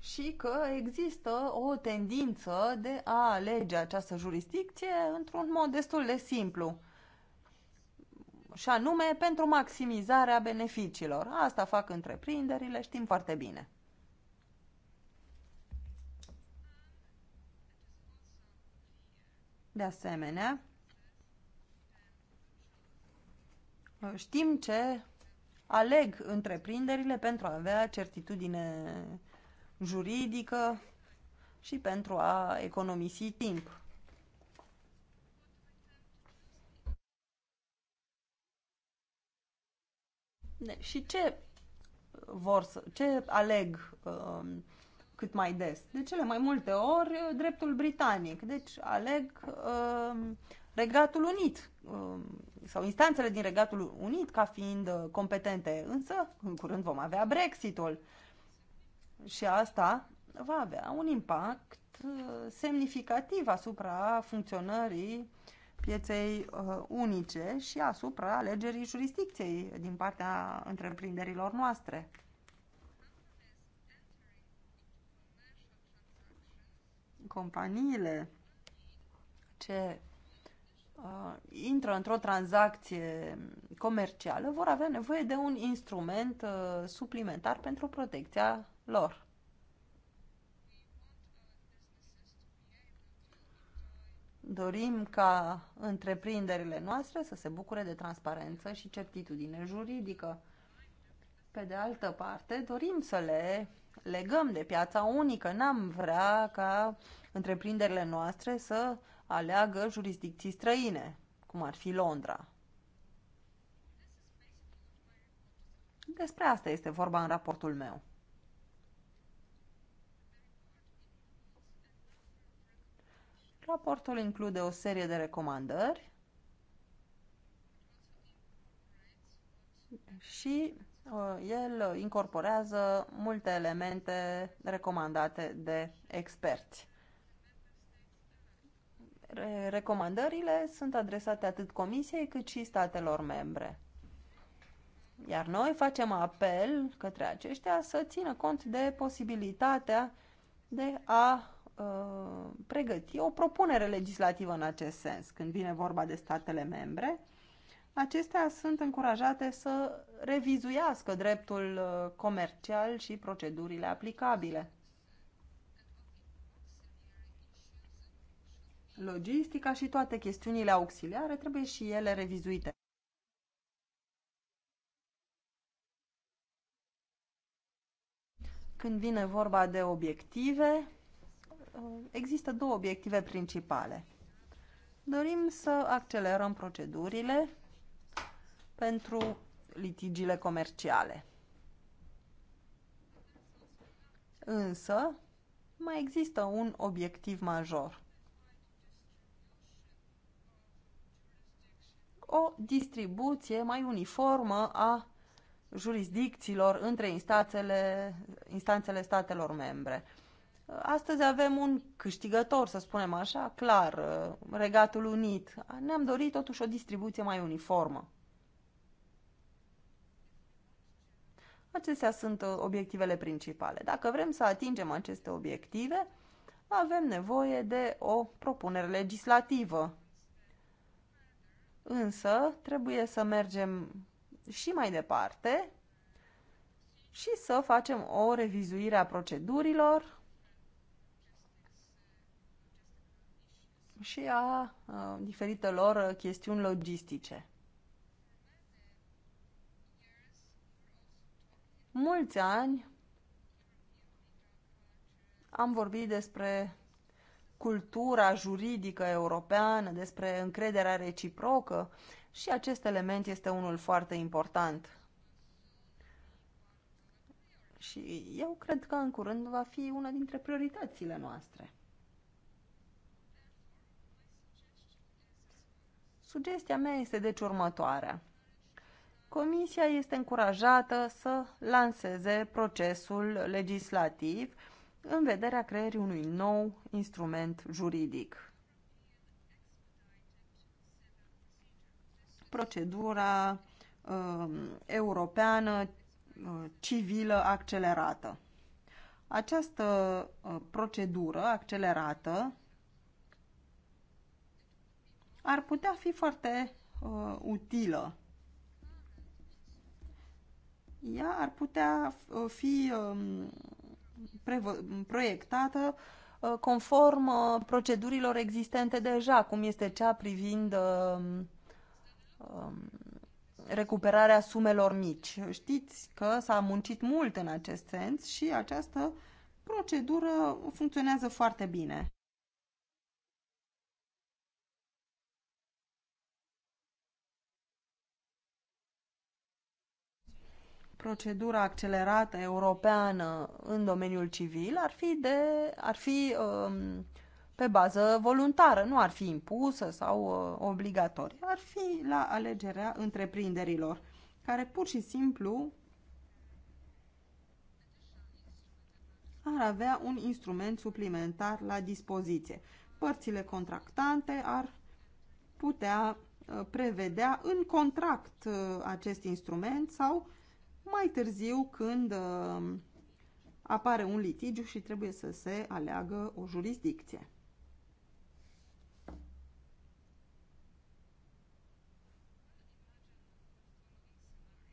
și că există o tendință de a alege această jurisdicție într-un mod destul de simplu și anume pentru maximizarea beneficiilor. Asta fac întreprinderile, știm foarte bine. De asemenea, știm ce aleg întreprinderile pentru a avea certitudine juridică și pentru a economisi timp. Și ce vor să, ce aleg um, cât mai des. De cele mai multe ori, dreptul britanic. Deci aleg uh, Regatul Unit uh, sau instanțele din Regatul Unit ca fiind uh, competente. Însă, în curând vom avea Brexitul. Și asta va avea un impact uh, semnificativ asupra funcționării pieței uh, unice și asupra alegerii jurisdicției din partea întreprinderilor noastre. companiile ce uh, intră într-o tranzacție comercială vor avea nevoie de un instrument uh, suplimentar pentru protecția lor. Dorim ca întreprinderile noastre să se bucure de transparență și certitudine juridică. Pe de altă parte, dorim să le legăm de piața unică. N-am vrea ca întreprinderile noastre să aleagă jurisdicții străine, cum ar fi Londra. Despre asta este vorba în raportul meu. Raportul include o serie de recomandări și Uh, el incorporează multe elemente recomandate de experți. Recomandările sunt adresate atât Comisiei cât și statelor membre. Iar noi facem apel către aceștia să țină cont de posibilitatea de a uh, pregăti o propunere legislativă în acest sens. Când vine vorba de statele membre, acestea sunt încurajate să revizuiască dreptul uh, comercial și procedurile aplicabile. Logistica și toate chestiunile auxiliare trebuie și ele revizuite. Când vine vorba de obiective, uh, există două obiective principale. Dorim să accelerăm procedurile pentru litigiile comerciale. Însă, mai există un obiectiv major. O distribuție mai uniformă a jurisdicțiilor între instanțele, instanțele statelor membre. Astăzi avem un câștigător, să spunem așa, clar, Regatul Unit. Ne-am dorit totuși o distribuție mai uniformă. Acestea sunt uh, obiectivele principale. Dacă vrem să atingem aceste obiective, avem nevoie de o propunere legislativă. Însă, trebuie să mergem și mai departe și să facem o revizuire a procedurilor și a, uh, diferitelor uh, chestiuni logistice. mulți ani am vorbit despre cultura juridică europeană, despre încrederea reciprocă și acest element este unul foarte important. Și eu cred că în curând va fi una dintre prioritățile noastre. Sugestia mea este deci următoarea. Comisia este încurajată să lanseze procesul legislativ în vederea creării unui nou instrument juridic. Procedura uh, europeană uh, civilă accelerată. Această uh, procedură accelerată ar putea fi foarte uh, utilă ea ar putea uh, fi um, proiectată uh, conform uh, procedurilor existente deja, cum este cea privind um, um, recuperarea sumelor mici. Știți că s-a muncit mult în acest sens și această procedură funcționează foarte bine. procedura accelerată europeană în domeniul civil ar fi, de, ar fi um, pe bază voluntară, nu ar fi impusă sau uh, obligatorie, ar fi la alegerea întreprinderilor, care pur și simplu ar avea un instrument suplimentar la dispoziție. Părțile contractante ar putea uh, prevedea în contract uh, acest instrument sau mai târziu când uh, apare un litigiu și trebuie să se aleagă o jurisdicție.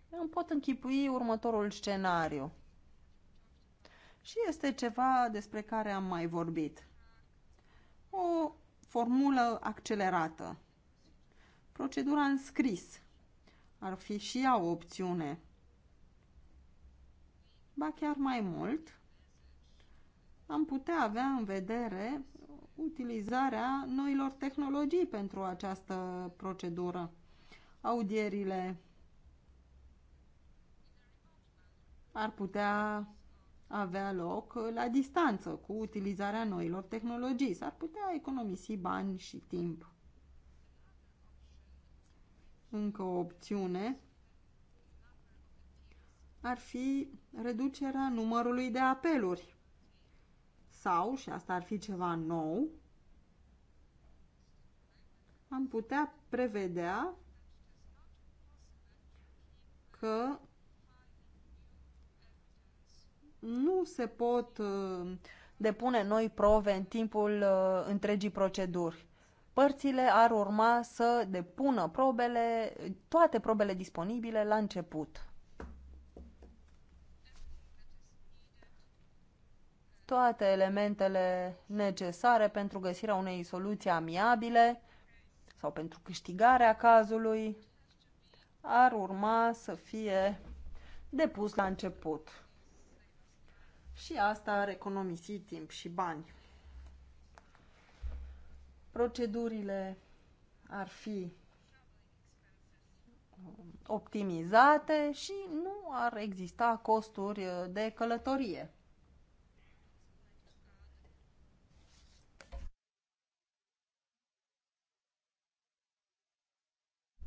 Îmi pot închipui următorul scenariu. Și este ceva despre care am mai vorbit. O formulă accelerată. Procedura în scris ar fi și ea o opțiune ba chiar mai mult, am putea avea în vedere utilizarea noilor tehnologii pentru această procedură. Audierile ar putea avea loc la distanță cu utilizarea noilor tehnologii. S-ar putea economisi bani și timp. Încă o opțiune ar fi reducerea numărului de apeluri. Sau, și asta ar fi ceva nou, am putea prevedea că nu se pot uh, depune noi prove în timpul uh, întregii proceduri. Părțile ar urma să depună probele, toate probele disponibile la început. toate elementele necesare pentru găsirea unei soluții amiabile sau pentru câștigarea cazului ar urma să fie depus la început. Și asta ar economisi timp și bani. Procedurile ar fi optimizate și nu ar exista costuri de călătorie.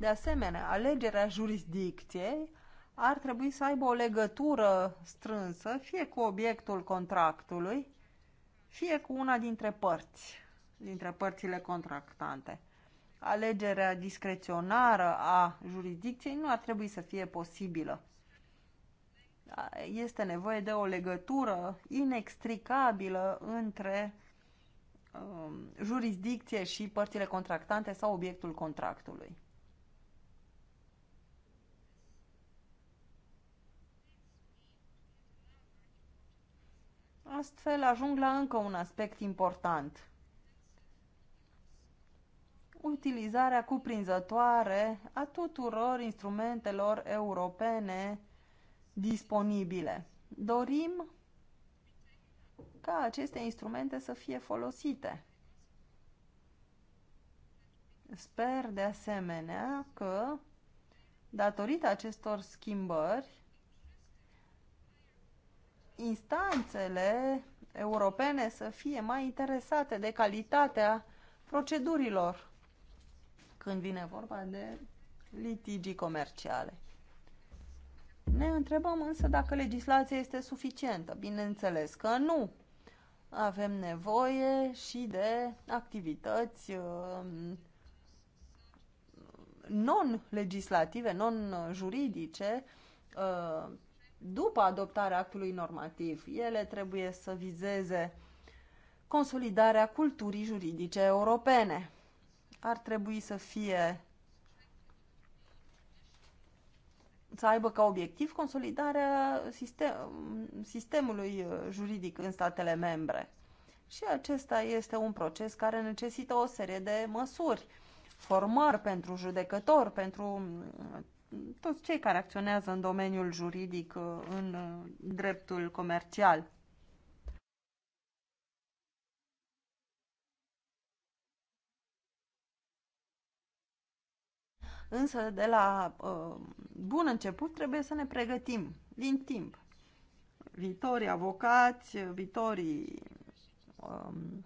De asemenea, alegerea jurisdicției ar trebui să aibă o legătură strânsă fie cu obiectul contractului, fie cu una dintre părți, dintre părțile contractante. Alegerea discreționară a jurisdicției nu ar trebui să fie posibilă. Este nevoie de o legătură inextricabilă între um, jurisdicție și părțile contractante sau obiectul contractului. Astfel ajung la încă un aspect important. Utilizarea cuprinzătoare a tuturor instrumentelor europene disponibile. Dorim ca aceste instrumente să fie folosite. Sper de asemenea că, datorită acestor schimbări, instanțele europene să fie mai interesate de calitatea procedurilor când vine vorba de litigii comerciale. Ne întrebăm însă dacă legislația este suficientă. Bineînțeles că nu. Avem nevoie și de activități uh, non-legislative, non-juridice uh, după adoptarea actului normativ. Ele trebuie să vizeze consolidarea culturii juridice europene. Ar trebui să fie să aibă ca obiectiv consolidarea sistem, sistemului uh, juridic în statele membre. Și acesta este un proces care necesită o serie de măsuri, formări pentru judecători, pentru uh, toți cei care acționează în domeniul juridic, uh, în uh, dreptul comercial. Însă, de la uh, bun început, trebuie să ne pregătim din timp. Viitorii avocați, viitorii um,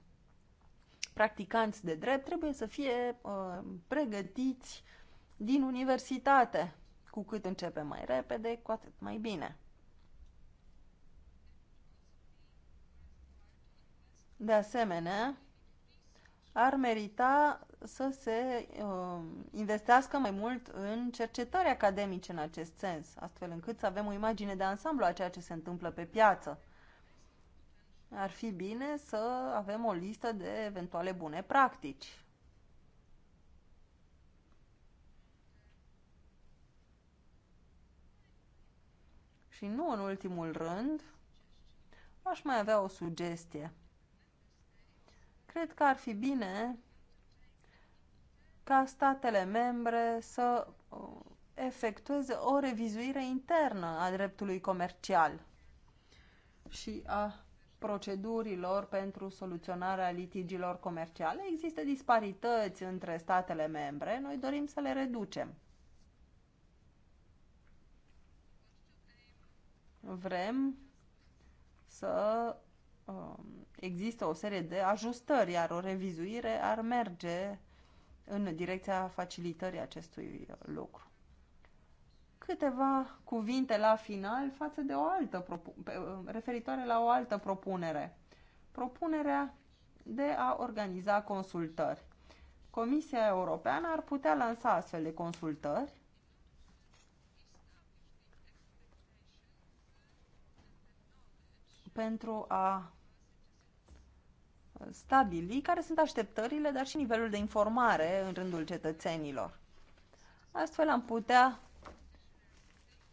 practicanți de drept trebuie să fie uh, pregătiți din universitate. Cu cât începem mai repede, cu atât mai bine. De asemenea, ar merita să se uh, investească mai mult în cercetări academice în acest sens, astfel încât să avem o imagine de ansamblu a ceea ce se întâmplă pe piață. Ar fi bine să avem o listă de eventuale bune practici. Și nu în ultimul rând, aș mai avea o sugestie. Cred că ar fi bine ca statele membre să uh, efectueze o revizuire internă a dreptului comercial și a procedurilor pentru soluționarea litigilor comerciale. Există disparități între statele membre, noi dorim să le reducem. vrem să um, există o serie de ajustări, iar o revizuire ar merge în direcția facilitării acestui lucru. Câteva cuvinte la final față de o altă uh, referitoare la o altă propunere. Propunerea de a organiza consultări. Comisia Europeană ar putea lansa astfel de consultări pentru a uh, stabili care sunt așteptările, dar și nivelul de informare în rândul cetățenilor. Astfel am putea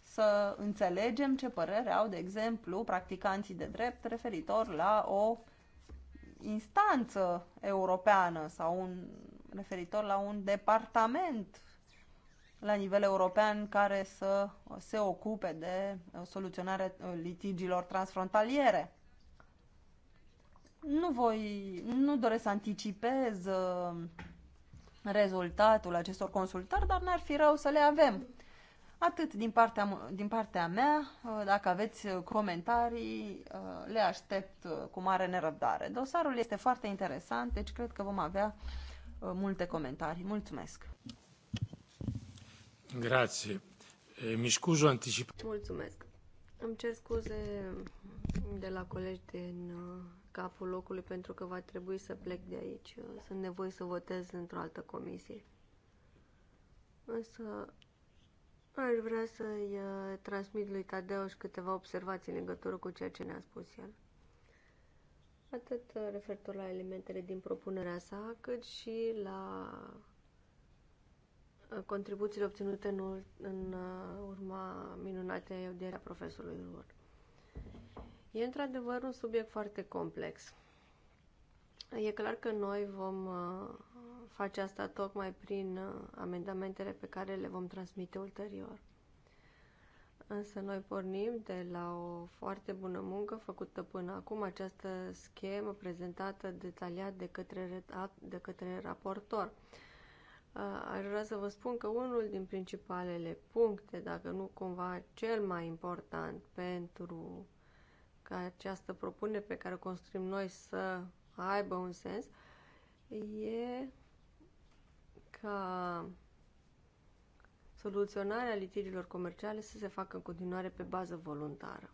să înțelegem ce părere au, de exemplu, practicanții de drept referitor la o instanță europeană sau un, referitor la un departament la nivel european care să se ocupe de uh, soluționarea uh, litigiilor transfrontaliere. Nu voi, nu doresc să anticipez uh, rezultatul acestor consultări, dar n-ar fi rău să le avem. Atât din partea, din partea mea, dacă aveți comentarii, le aștept cu mare nerăbdare. Dosarul este foarte interesant, deci cred că vom avea multe comentarii. Mulțumesc! Grație. Eh, mi scuzo anticipat. Mulțumesc. Îmi cer scuze de la colegi din uh, capul locului pentru că va trebui să plec de aici. Uh, sunt nevoie să votez într-o altă comisie. Însă aș vrea să-i uh, transmit lui Tadeuș câteva observații în legătură cu ceea ce ne-a spus el. Atât referitor la elementele din propunerea sa, cât și la Uh, contribuțiile obținute în, în uh, urma minunatei audierea profesorului lor. E într-adevăr un subiect foarte complex. E clar că noi vom uh, face asta tocmai prin amendamentele pe care le vom transmite ulterior. Însă noi pornim de la o foarte bună muncă făcută până acum, această schemă prezentată detaliat de către, de către raportor. Uh, aș vrea să vă spun că unul din principalele puncte, dacă nu cumva cel mai important pentru ca această propunere pe care o construim noi să aibă un sens, e ca soluționarea litigiilor comerciale să se facă în continuare pe bază voluntară.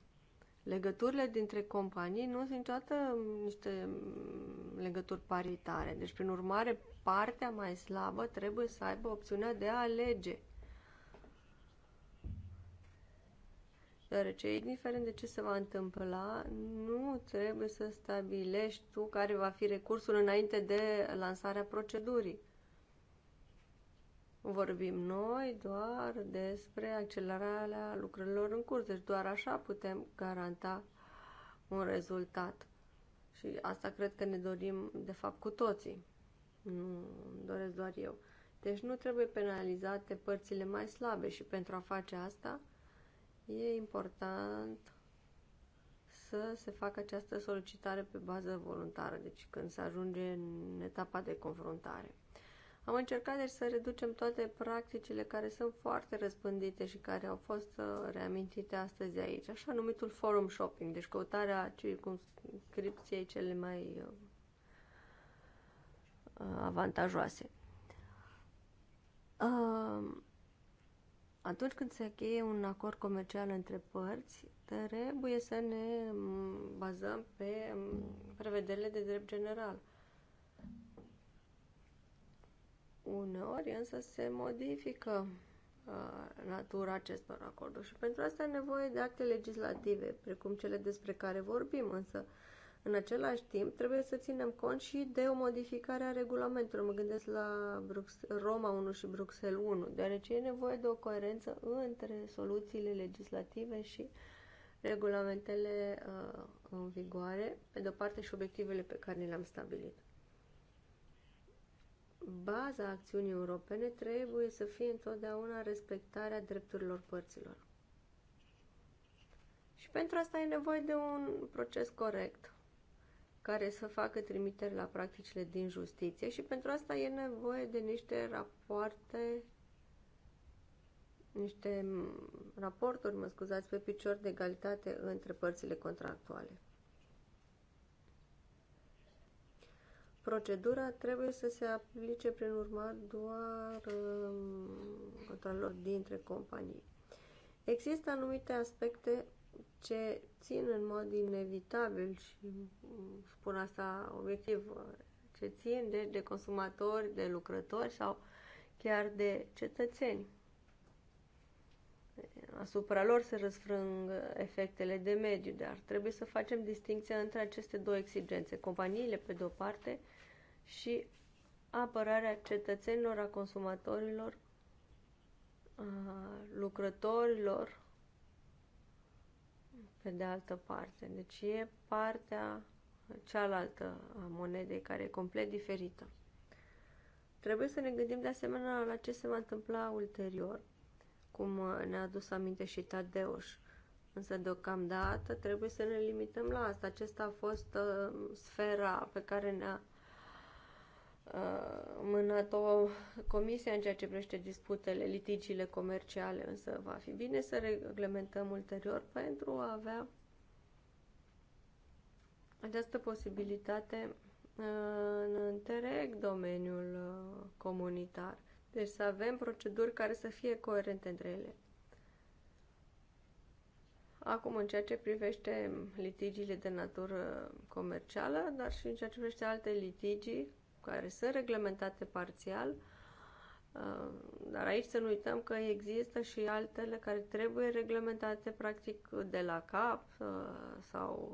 Legăturile dintre companii nu sunt niciodată niște legături paritare. Deci, prin urmare, partea mai slabă trebuie să aibă opțiunea de a alege. Deoarece, indiferent de ce se va întâmpla, nu trebuie să stabilești tu care va fi recursul înainte de lansarea procedurii vorbim noi doar despre accelerarea lucrurilor în curs, deci doar așa putem garanta un rezultat. Și asta cred că ne dorim, de fapt, cu toții. Nu doresc doar eu. Deci nu trebuie penalizate părțile mai slabe și pentru a face asta e important să se facă această solicitare pe bază voluntară, deci când se ajunge în etapa de confruntare. Am încercat deci să reducem toate practicile care sunt foarte răspândite și care au fost uh, reamintite astăzi aici, așa numitul forum shopping, deci căutarea circumscripției cele mai uh, uh, avantajoase. Um, atunci când se cheie un acord comercial între părți, trebuie să ne mm, bazăm pe mm, prevederile de drept general – Uneori însă se modifică uh, natura acestor acorduri și pentru asta e nevoie de acte legislative, precum cele despre care vorbim, însă în același timp trebuie să ținem cont și de o modificare a regulamentului. Mă gândesc la Brux Roma 1 și Bruxelles 1, deoarece e nevoie de o coerență între soluțiile legislative și regulamentele uh, în vigoare, pe de-o parte și obiectivele pe care le-am stabilit baza acțiunii europene trebuie să fie întotdeauna respectarea drepturilor părților. Și pentru asta e nevoie de un proces corect care să facă trimiteri la practicile din justiție și pentru asta e nevoie de niște rapoarte niște raporturi, mă scuzați, pe picior de egalitate între părțile contractuale. Procedura trebuie să se aplice, prin urma, doar controlelor um, dintre companii. Există anumite aspecte ce țin în mod inevitabil și um, spun asta obiectiv, ce țin de, de consumatori, de lucrători sau chiar de cetățeni asupra lor se răsfrâng efectele de mediu, dar trebuie să facem distinția între aceste două exigențe, companiile pe de-o parte și apărarea cetățenilor, a consumatorilor, a lucrătorilor, pe de altă parte. Deci e partea cealaltă a monedei care e complet diferită. Trebuie să ne gândim de asemenea la ce se va întâmpla ulterior cum uh, ne-a adus aminte și Tadeuș. Însă, deocamdată, trebuie să ne limităm la asta. Acesta a fost uh, sfera pe care ne-a uh, mânat o comisie în ceea ce privește disputele, litigiile comerciale, însă va fi bine să reglementăm ulterior pentru a avea această posibilitate uh, în întreg domeniul uh, comunitar. Deci să avem proceduri care să fie coerente între ele. Acum, în ceea ce privește litigiile de natură comercială, dar și în ceea ce privește alte litigii care sunt reglementate parțial, uh, dar aici să nu uităm că există și altele care trebuie reglementate practic de la cap uh, sau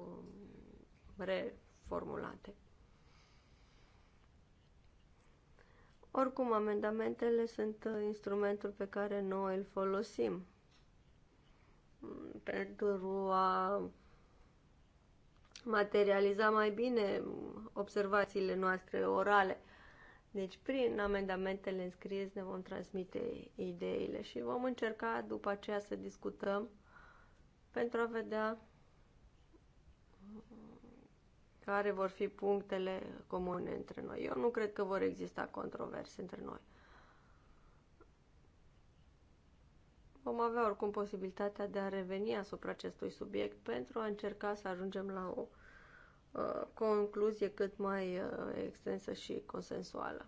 um, reformulate. Oricum, amendamentele sunt uh, instrumentul pe care noi îl folosim mm, pentru a materializa mai bine observațiile noastre orale. Deci, prin amendamentele înscrise ne vom transmite ideile și vom încerca după aceea să discutăm pentru a vedea care vor fi punctele comune între noi. Eu nu cred că vor exista controverse între noi. Vom avea oricum posibilitatea de a reveni asupra acestui subiect pentru a încerca să ajungem la o uh, concluzie cât mai uh, extensă și consensuală.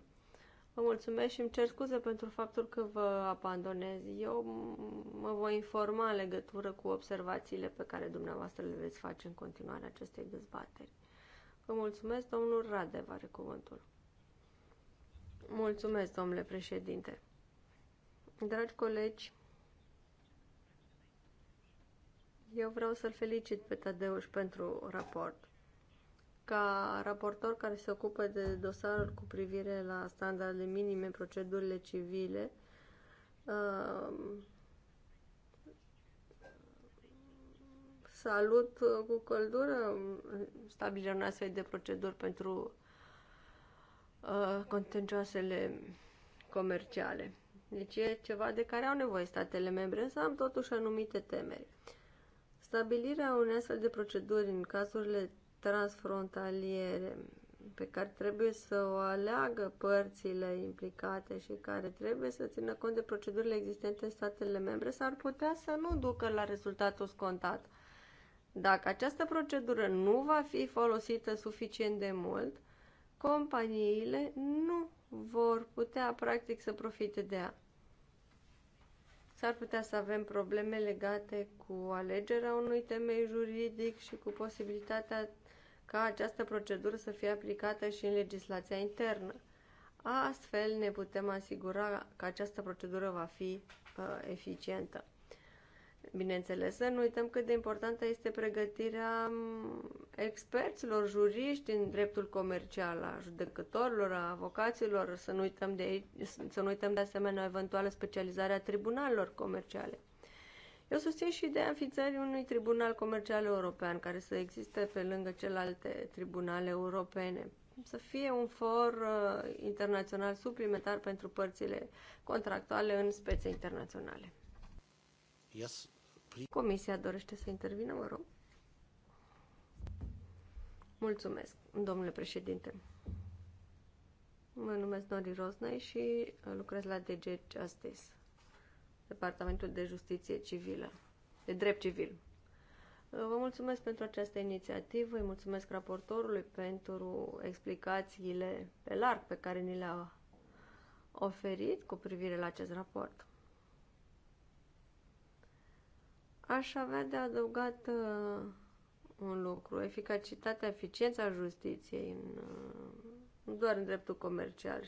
Vă mulțumesc și îmi cer scuze pentru faptul că vă abandonez. Eu mă voi informa în legătură cu observațiile pe care dumneavoastră le veți face în continuare acestei dezbateri. Vă mulțumesc, domnul Radev are cuvântul. Mulțumesc, domnule președinte. Dragi colegi, eu vreau să-l felicit pe Tadeuș pentru raport. Ca raportor care se ocupă de dosarul cu privire la standardele minime, procedurile civile, uh, Salut uh, cu căldură um, stabilirea unei astfel de proceduri pentru uh, contencioasele comerciale. Deci e ceva de care au nevoie statele membre, însă am totuși anumite temeri. Stabilirea unei astfel de proceduri în cazurile transfrontaliere pe care trebuie să o aleagă părțile implicate și care trebuie să țină cont de procedurile existente în statele membre, s-ar putea să nu ducă la rezultatul scontat. Dacă această procedură nu va fi folosită suficient de mult, companiile nu vor putea practic să profite de ea. S-ar putea să avem probleme legate cu alegerea unui temei juridic și cu posibilitatea ca această procedură să fie aplicată și în legislația internă. Astfel ne putem asigura că această procedură va fi uh, eficientă. Bineînțeles, să nu uităm cât de importantă este pregătirea mm, experților, juriști în dreptul comercial, a judecătorilor, a avocaților, să nu uităm de, aici, să nu uităm de asemenea o eventuală specializare a tribunalelor comerciale. Eu susțin și ideea înființării unui tribunal comercial european care să existe pe lângă celelalte tribunale europene, să fie un for uh, internațional suplimentar pentru părțile contractuale în spețe internaționale. Yes, Comisia dorește să intervină, mă rog. Mulțumesc, domnule președinte. Mă numesc Nori Rosnai și uh, lucrez la DG Justice, Departamentul de Justiție Civilă, de Drept Civil. Uh, vă mulțumesc pentru această inițiativă, îi mulțumesc raportorului pentru explicațiile pe larg pe care ni le-a oferit cu privire la acest raport. Aș avea de adăugat uh, un lucru, eficacitatea, eficiența justiției, în, uh, nu doar în dreptul comercial,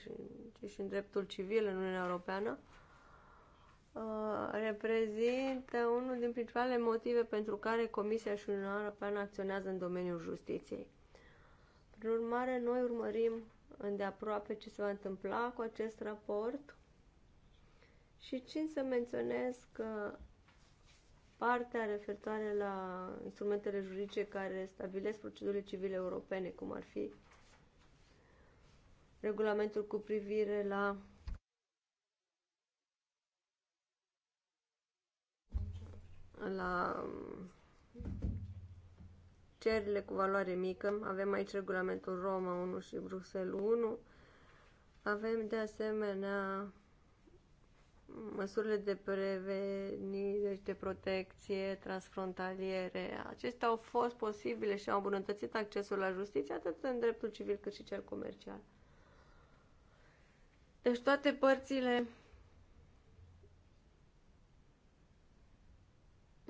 ci și în dreptul civil în Uniunea Europeană, uh, reprezintă unul din principalele motive pentru care Comisia și Uniunea Europeană acționează în domeniul justiției. Prin urmare, noi urmărim îndeaproape ce se va întâmpla cu acest raport și țin să menționez că partea referitoare la instrumentele juridice care stabilesc procedurile civile europene, cum ar fi regulamentul cu privire la la um, cererile cu valoare mică. Avem aici regulamentul Roma 1 și Bruxelles 1. Avem de asemenea măsurile de prevenire, și de protecție transfrontaliere, acestea au fost posibile și au îmbunătățit accesul la justiție atât în dreptul civil cât și cel comercial. Deci toate părțile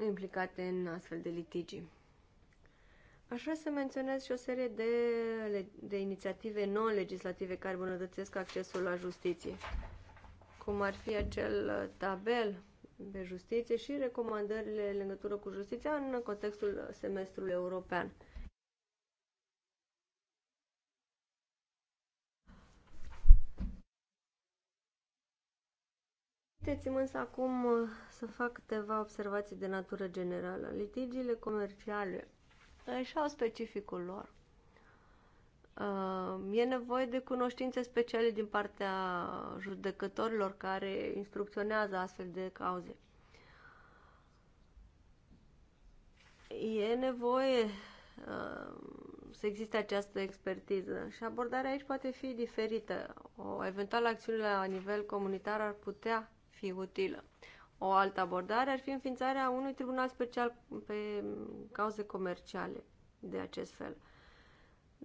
implicate în astfel de litigi. Aș vrea să menționez și o serie de, de inițiative non-legislative care îmbunătățesc accesul la justiție cum ar fi acel uh, tabel de justiție și recomandările în legătură cu justiția în contextul semestrului european. Permiteți-mi însă acum uh, să fac câteva observații de natură generală. Litigiile comerciale își au specificul lor e nevoie de cunoștințe speciale din partea judecătorilor care instrucționează astfel de cauze. E nevoie să existe această expertiză și abordarea aici poate fi diferită. O eventuală acțiune la nivel comunitar ar putea fi utilă. O altă abordare ar fi înființarea unui tribunal special pe cauze comerciale de acest fel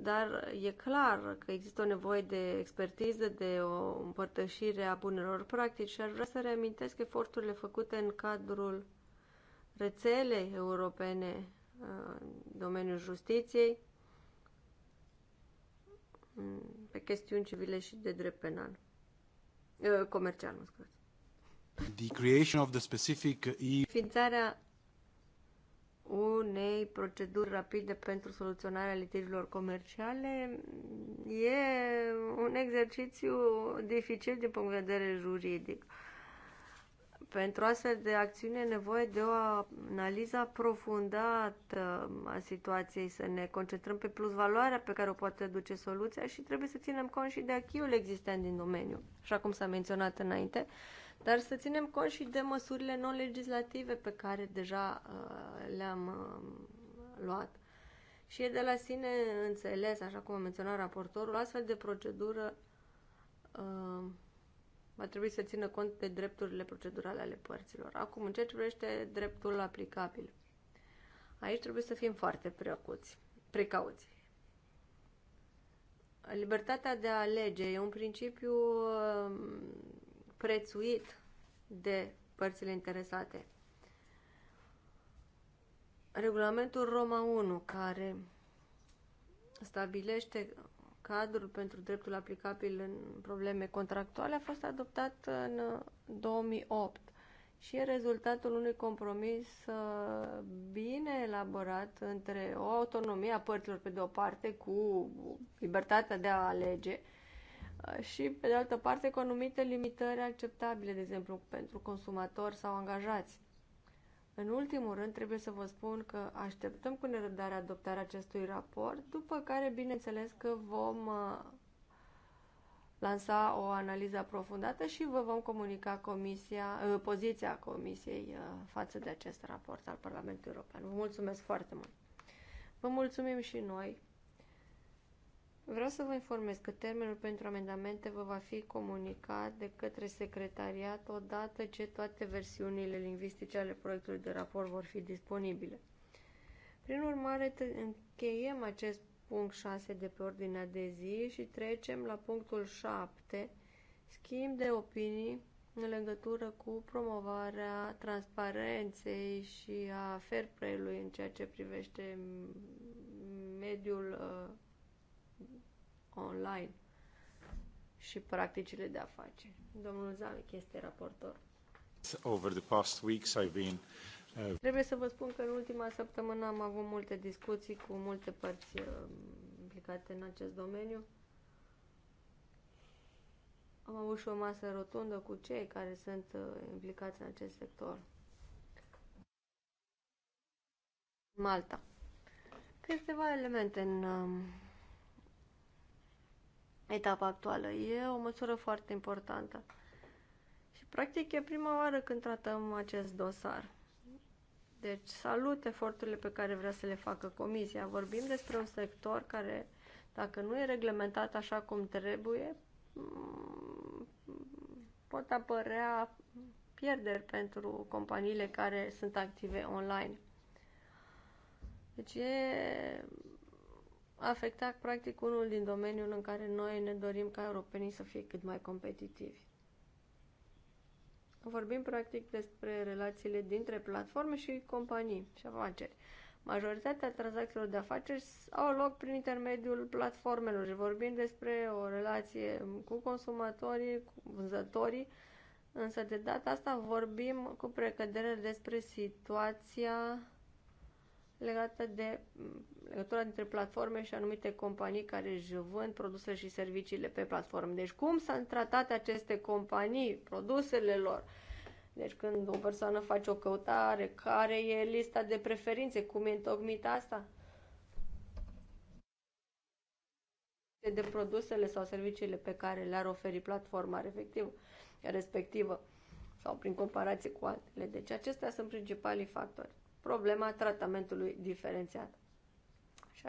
dar e clar că există o nevoie de expertiză, de o împărtășire a bunelor practici și ar vrea să reamintesc eforturile făcute în cadrul rețelei europene uh, în domeniul justiției pe chestiuni civile și de drept penal. Uh, comercial, mă scuze. The creation of the specific Ființarea unei proceduri rapide pentru soluționarea litigiilor comerciale e un exercițiu dificil din punct de vedere juridic. Pentru astfel de acțiune e nevoie de o analiză aprofundată a situației, să ne concentrăm pe plus valoarea pe care o poate aduce soluția și trebuie să ținem cont și de achiul existent din domeniu, așa cum s-a menționat înainte. Uh, dar să ținem cont și de măsurile non-legislative pe care deja uh, le-am uh, luat. Și e de la sine înțeles, așa cum a menționat raportorul, astfel de procedură uh, va trebui să țină cont de drepturile procedurale ale părților. Acum, în ceea ce privește dreptul aplicabil, aici trebuie să fim foarte preocuți, precauți. Libertatea de a alege e un principiu uh, prețuit de părțile interesate. Regulamentul Roma 1, care stabilește cadrul pentru dreptul aplicabil în probleme contractuale, a fost adoptat în 2008 uh, și e rezultatul unui compromis uh, bine elaborat între o autonomie a părților pe de o parte cu libertatea de a alege Uh, și, pe de altă parte, cu anumite limitări acceptabile, de exemplu, pentru consumatori sau angajați. În ultimul rând, trebuie să vă spun că așteptăm cu nerăbdare adoptarea acestui raport, după care, bineînțeles, că vom uh, lansa o analiză aprofundată și vă vom comunica comisia, uh, poziția Comisiei față de acest raport al Parlamentului European. Vă mulțumesc foarte mult! Vă mulțumim și noi! Vreau să vă informez că termenul pentru amendamente vă va fi comunicat de către secretariat odată ce toate versiunile lingvistice ale proiectului de raport vor fi disponibile. Prin urmare, încheiem acest punct 6 de pe ordinea de zi și trecem la punctul 7, schimb de opinii în legătură cu promovarea transparenței și a fair play-ului în ceea ce privește mediul uh, online și practicile de afaceri. Domnul Zalec este raportor. Over the past weeks I've been uh... Trebuie să vă spun că în ultima săptămână am avut multe discuții cu multe părți uh, implicate în acest domeniu. Am avut și o masă rotundă cu cei care sunt uh, implicați în acest sector. Malta. Câteva elemente în um, etapa actuală. E o măsură foarte importantă. Și, practic, e prima oară când tratăm acest dosar. Deci, salut eforturile pe care vrea să le facă Comisia. Vorbim despre un sector care, dacă nu e reglementat așa cum trebuie, mm, pot apărea pierderi pentru companiile care sunt active online. Deci e afecta practic unul din domeniul în care noi ne dorim ca europenii să fie cât mai competitivi. Vorbim practic despre relațiile dintre platforme și companii și afaceri. Majoritatea tranzacțiilor de afaceri au loc prin intermediul platformelor și vorbim despre o relație cu consumatorii, cu vânzătorii, însă de data asta vorbim cu precădere despre situația legată de legătura dintre platforme și anumite companii care își vând produsele și serviciile pe platforme. Deci cum s-au tratate aceste companii, produsele lor? Deci când o persoană face o căutare, care e lista de preferințe, cum e întocmit asta? de produsele sau serviciile pe care le-ar oferi platforma respectivă. respectivă sau prin comparație cu altele. Deci acestea sunt principalii factori. Problema tratamentului diferențiat. Și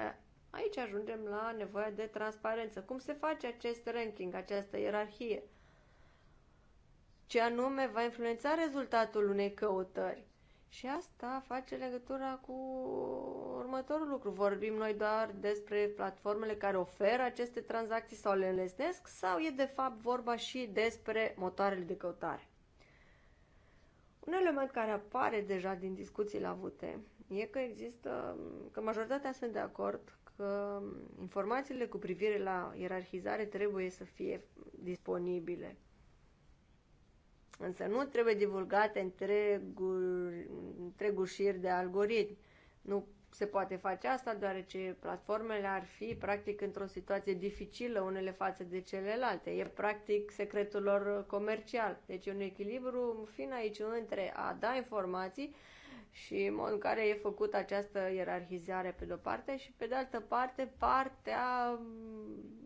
aici ajungem la nevoia de transparență. Cum se face acest ranking, această ierarhie? Ce anume va influența rezultatul unei căutări? Și asta face legătura cu următorul lucru. Vorbim noi doar despre platformele care oferă aceste tranzacții sau le înlesnesc sau e de fapt vorba și despre motoarele de căutare? Un element care apare deja din discuțiile avute e că există, că majoritatea sunt de acord că informațiile cu privire la ierarhizare trebuie să fie disponibile. Însă nu trebuie divulgate întregul, întregul șir de algoritmi. Nu se poate face asta deoarece platformele ar fi practic într-o situație dificilă unele față de celelalte. E practic secretul lor comercial. Deci e un echilibru fin aici între a da informații și modul în care e făcută această ierarhizare pe de-o parte și pe de altă parte partea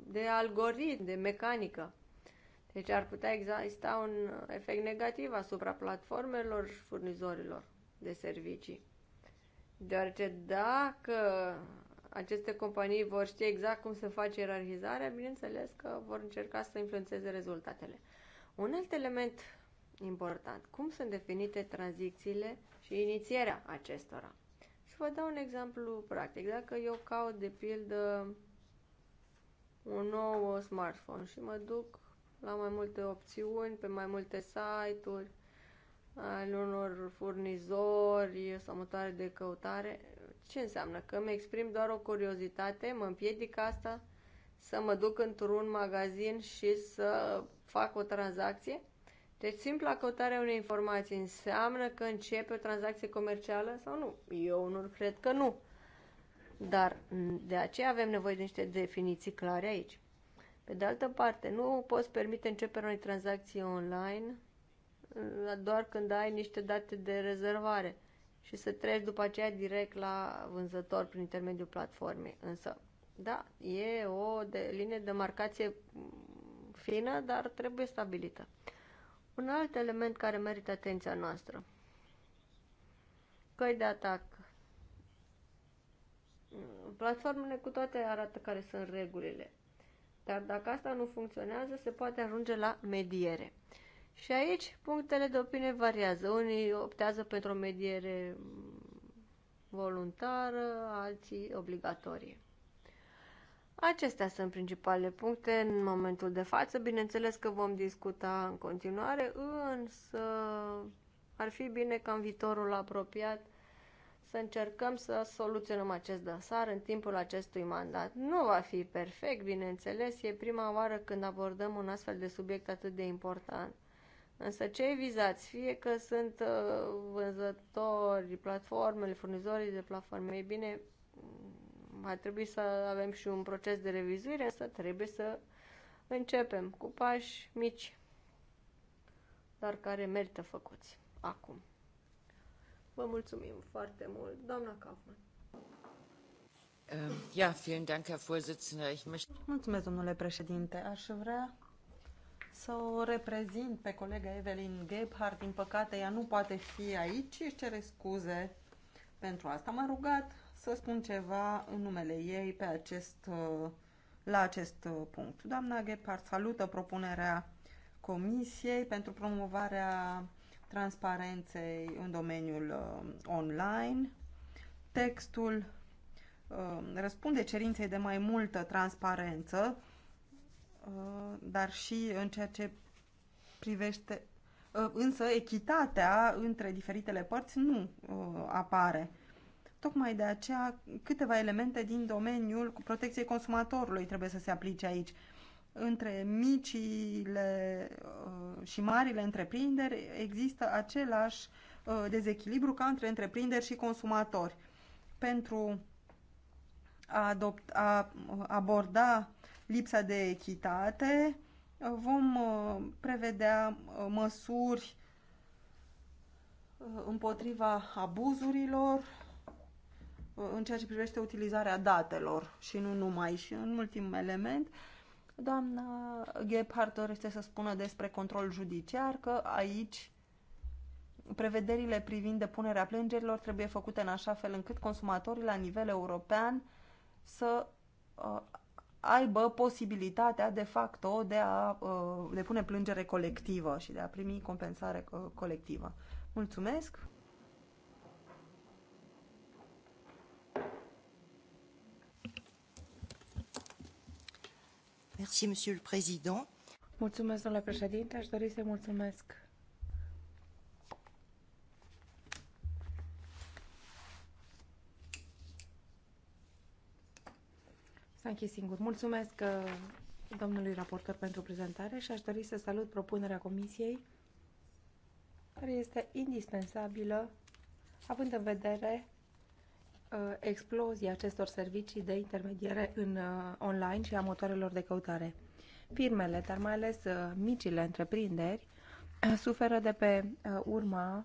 de algoritm, de mecanică. Deci ar putea exista un efect negativ asupra platformelor și furnizorilor de servicii. Deoarece dacă aceste companii vor ști exact cum se face ierarhizarea, bineînțeles că vor încerca să influențeze rezultatele. Un alt element important, cum sunt definite tranzicțiile și inițierea acestora. Și vă dau un exemplu practic. Dacă eu caut, de pildă, un nou smartphone și mă duc la mai multe opțiuni, pe mai multe site-uri, al unor furnizori sau mutare de căutare, ce înseamnă? Că îmi exprim doar o curiozitate, mă împiedic asta să mă duc într-un magazin și să fac o tranzacție? Deci simpla căutare a unei informații înseamnă că începe o tranzacție comercială sau nu? Eu nu cred că nu. Dar de aceea avem nevoie de niște definiții clare aici. Pe de altă parte, nu poți permite începerea unei tranzacții online doar când ai niște date de rezervare și să treci după aceea direct la vânzător prin intermediul platformei. Însă, da, e o de, linie de marcație fină, dar trebuie stabilită. Un alt element care merită atenția noastră. Căi de atac. Platformele cu toate arată care sunt regulile. Dar dacă asta nu funcționează, se poate ajunge la mediere. Și aici punctele de opinie variază. Unii optează pentru o mediere voluntară, alții obligatorie. Acestea sunt principalele puncte în momentul de față. Bineînțeles că vom discuta în continuare, însă ar fi bine ca în viitorul apropiat să încercăm să soluționăm acest dosar în timpul acestui mandat. Nu va fi perfect, bineînțeles, e prima oară când abordăm un astfel de subiect atât de important. Însă cei vizați, fie că sunt uh, vânzători, platformele, furnizorii de platforme, ei bine, ar trebui să avem și un proces de revizuire, însă trebuie să începem cu pași mici, dar care merită făcuți acum. Vă mulțumim foarte mult, doamna Kaufmann. Ehm, ja vielen Dank Herr Vorsitzender ich möchte. Mulțumesc, domnule președinte. Aș vrea să o reprezint pe colega Evelyn Gebhardt. Din păcate, ea nu poate fi aici și își cere scuze pentru asta. M-a rugat să spun ceva în numele ei pe acest, uh, la acest uh, punct. Doamna Gebhardt salută propunerea Comisiei pentru promovarea transparenței în domeniul uh, online. Textul răspunde cerinței de mai multă transparență Uh, dar și în ceea ce privește. Uh, însă echitatea între diferitele părți nu uh, apare. Tocmai de aceea câteva elemente din domeniul protecției consumatorului trebuie să se aplice aici. Între micile și marile întreprinderi există același dezechilibru ca între întreprinderi și consumatori. Pentru a, adopt, a aborda lipsa de echitate. Uh, vom uh, prevedea uh, măsuri împotriva abuzurilor în ceea ce privește utilizarea datelor și nu numai. Și în ultim element, doamna Gebhardt dorește să spună despre control judiciar că aici prevederile privind depunerea plângerilor trebuie făcute în așa fel încât consumatorii la nivel european să aibă posibilitatea de facto de a uh, depune plângere colectivă și de a primi compensare uh, colectivă. Mulțumesc! Merci, Monsieur le Président. Mulțumesc, domnule președinte. Aș dori să mulțumesc S-a închis singur. Mulțumesc uh, domnului raportor pentru prezentare și aș dori să salut propunerea comisiei care este indispensabilă având în vedere uh, explozia acestor servicii de intermediere în uh, online și a motoarelor de căutare. Firmele, dar mai ales micile întreprinderi, suferă de pe urma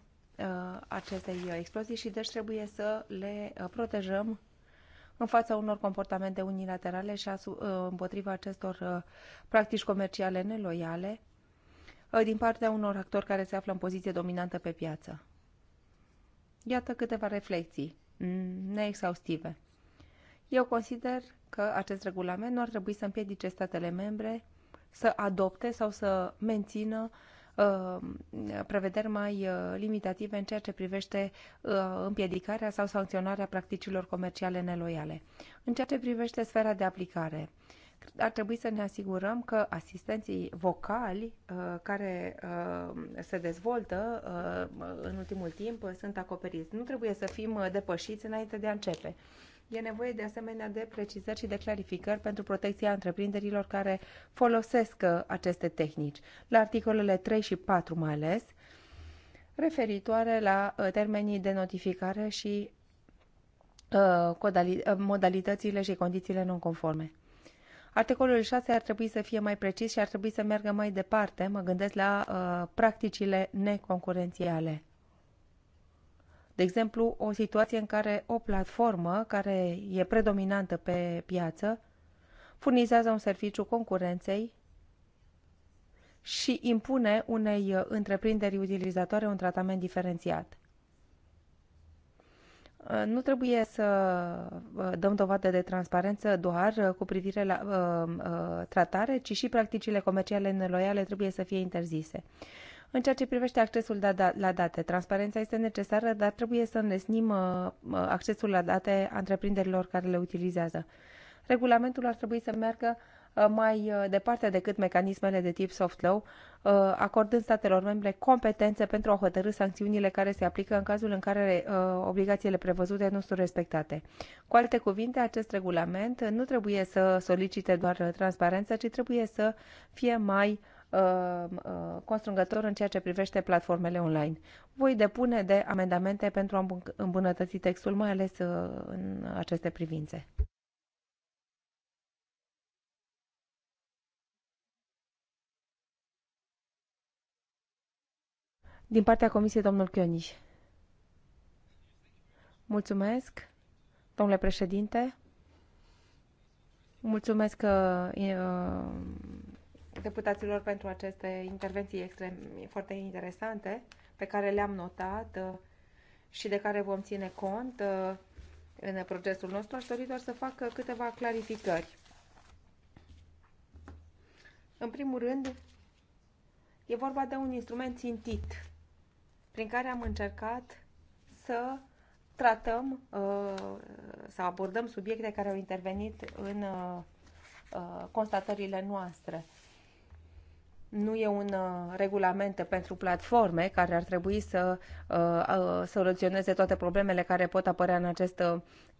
acestei explozii și deci trebuie să le protejăm în fața unor comportamente unilaterale și ă, împotriva acestor ă, practici comerciale neloiale ă, din partea unor actori care se află în poziție dominantă pe piață. Iată câteva reflexii mm, neexhaustive. Eu consider că acest regulament nu ar trebui să împiedice statele membre să adopte sau să mențină Uh, prevederi mai uh, limitative în ceea ce privește uh, împiedicarea sau sancționarea practicilor comerciale neloiale. În ceea ce privește sfera de aplicare, ar trebui să ne asigurăm că asistenții vocali care se dezvoltă în ultimul timp sunt acoperiți. Nu trebuie să fim depășiți înainte de a începe. E nevoie de asemenea de precizări și de clarificări pentru protecția întreprinderilor care folosesc uh, aceste tehnici, la articolele 3 și 4 mai ales, referitoare la uh, termenii de notificare și uh, modalitățile și condițiile nonconforme. Articolul 6 ar trebui să fie mai precis și ar trebui să meargă mai departe, mă gândesc la uh, practicile neconcurențiale. De exemplu, o situație în care o platformă care e predominantă pe piață furnizează un serviciu concurenței și impune unei uh, întreprinderi utilizatoare un tratament diferențiat. Uh, nu trebuie să uh, dăm dovadă de transparență doar cu privire la uh, uh, tratare, ci și practicile comerciale neloiale trebuie să fie interzise. În ceea ce privește accesul da- da- la date, transparența este necesară, dar trebuie să îndesnim uh, uh, accesul la date a întreprinderilor care le utilizează. Regulamentul ar trebui să meargă uh, mai departe decât mecanismele de tip soft law, acordând statelor membre competențe pentru a hotărâ sancțiunile care se aplică în cazul în care obligațiile prevăzute nu sunt respectate. Cu alte cuvinte, acest regulament nu trebuie să solicite doar transparență, ci trebuie să fie mai uh, Um, uh, constrângător în ceea ce privește platformele online. Voi depune de amendamente pentru a îmbunătăți textul, mai ales uh, în aceste privințe. Din partea Comisiei, domnul Chioniș. Mulțumesc, domnule președinte. Mulțumesc că uh, deputaților pentru aceste intervenții extrem, foarte interesante pe care le-am notat uh, și de care vom ține cont uh, în procesul nostru. Aș dori doar să fac uh, câteva clarificări. În primul rând, e vorba de un instrument țintit prin care am încercat să tratăm, să abordăm subiecte care au intervenit în constatările noastre nu e un uh, regulament pentru platforme care ar trebui să uh, uh, soluționeze toate problemele care pot apărea în acest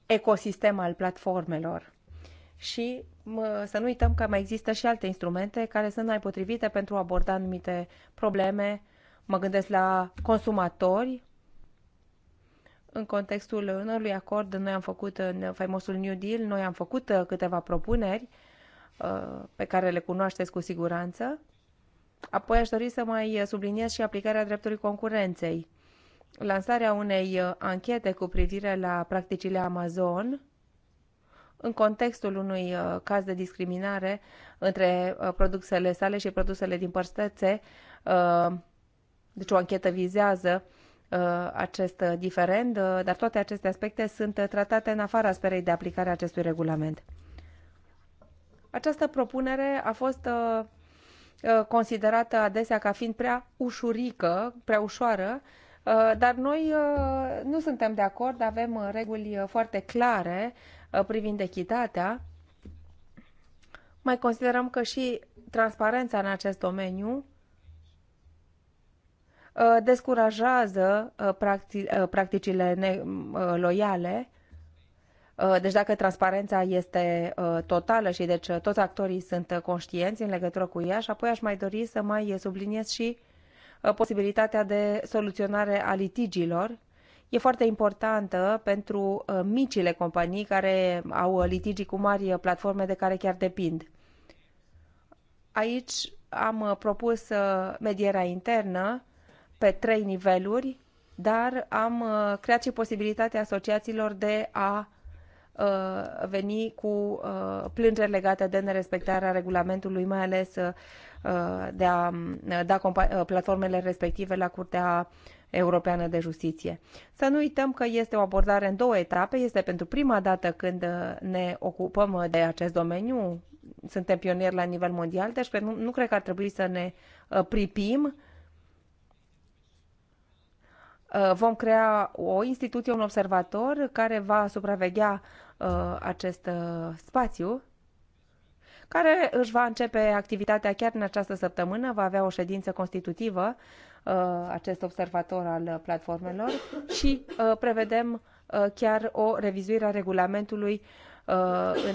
ecosistem al platformelor. Și să nu uităm că mai există și alte instrumente care sunt mai potrivite pentru a aborda anumite probleme. Mă gândesc la consumatori. În contextul unui acord, noi am făcut în faimosul New Deal, noi am făcut câteva propuneri pe care le cunoașteți cu siguranță Apoi aș dori să mai subliniez și aplicarea dreptului concurenței. Lansarea unei uh, anchete cu privire la practicile Amazon în contextul unui uh, caz de discriminare între uh, produsele sale și produsele din părstețe, deci o anchetă vizează acest diferend, dar toate aceste aspecte sunt tratate în afara sperei de aplicare a acestui regulament. Această propunere a fost Uh, considerată adesea ca fiind prea ușurică, prea ușoară, uh, dar noi uh, nu suntem de acord, avem reguli foarte clare privind echitatea. Mai considerăm că și transparența în acest domeniu descurajează practicile loiale Uh, deci dacă transparența este uh, totală și deci uh, toți actorii sunt conștienți în legătură cu ea și apoi aș mai dori să mai subliniez și posibilitatea de soluționare a litigiilor. E foarte importantă pentru micile companii care au litigii cu mari platforme de care chiar depind. Aici am propus medierea internă pe trei niveluri, dar am creat și posibilitatea asociațiilor de a Uh, veni cu uh, plângeri legate de nerespectarea regulamentului, mai ales uh, de a da platformele respective la Curtea Europeană de Justiție. Să nu uităm că este o abordare în două etape. Este pentru prima dată când ne ocupăm de acest domeniu. Suntem pionieri la nivel mondial, deci nu, nu cred că ar trebui să ne pripim vom crea o instituție, un observator care va supraveghea Uh, acest uh, spațiu, care își va începe activitatea chiar în această săptămână, va avea o ședință constitutivă, uh, acest observator al platformelor și prevedem chiar o revizuire a regulamentului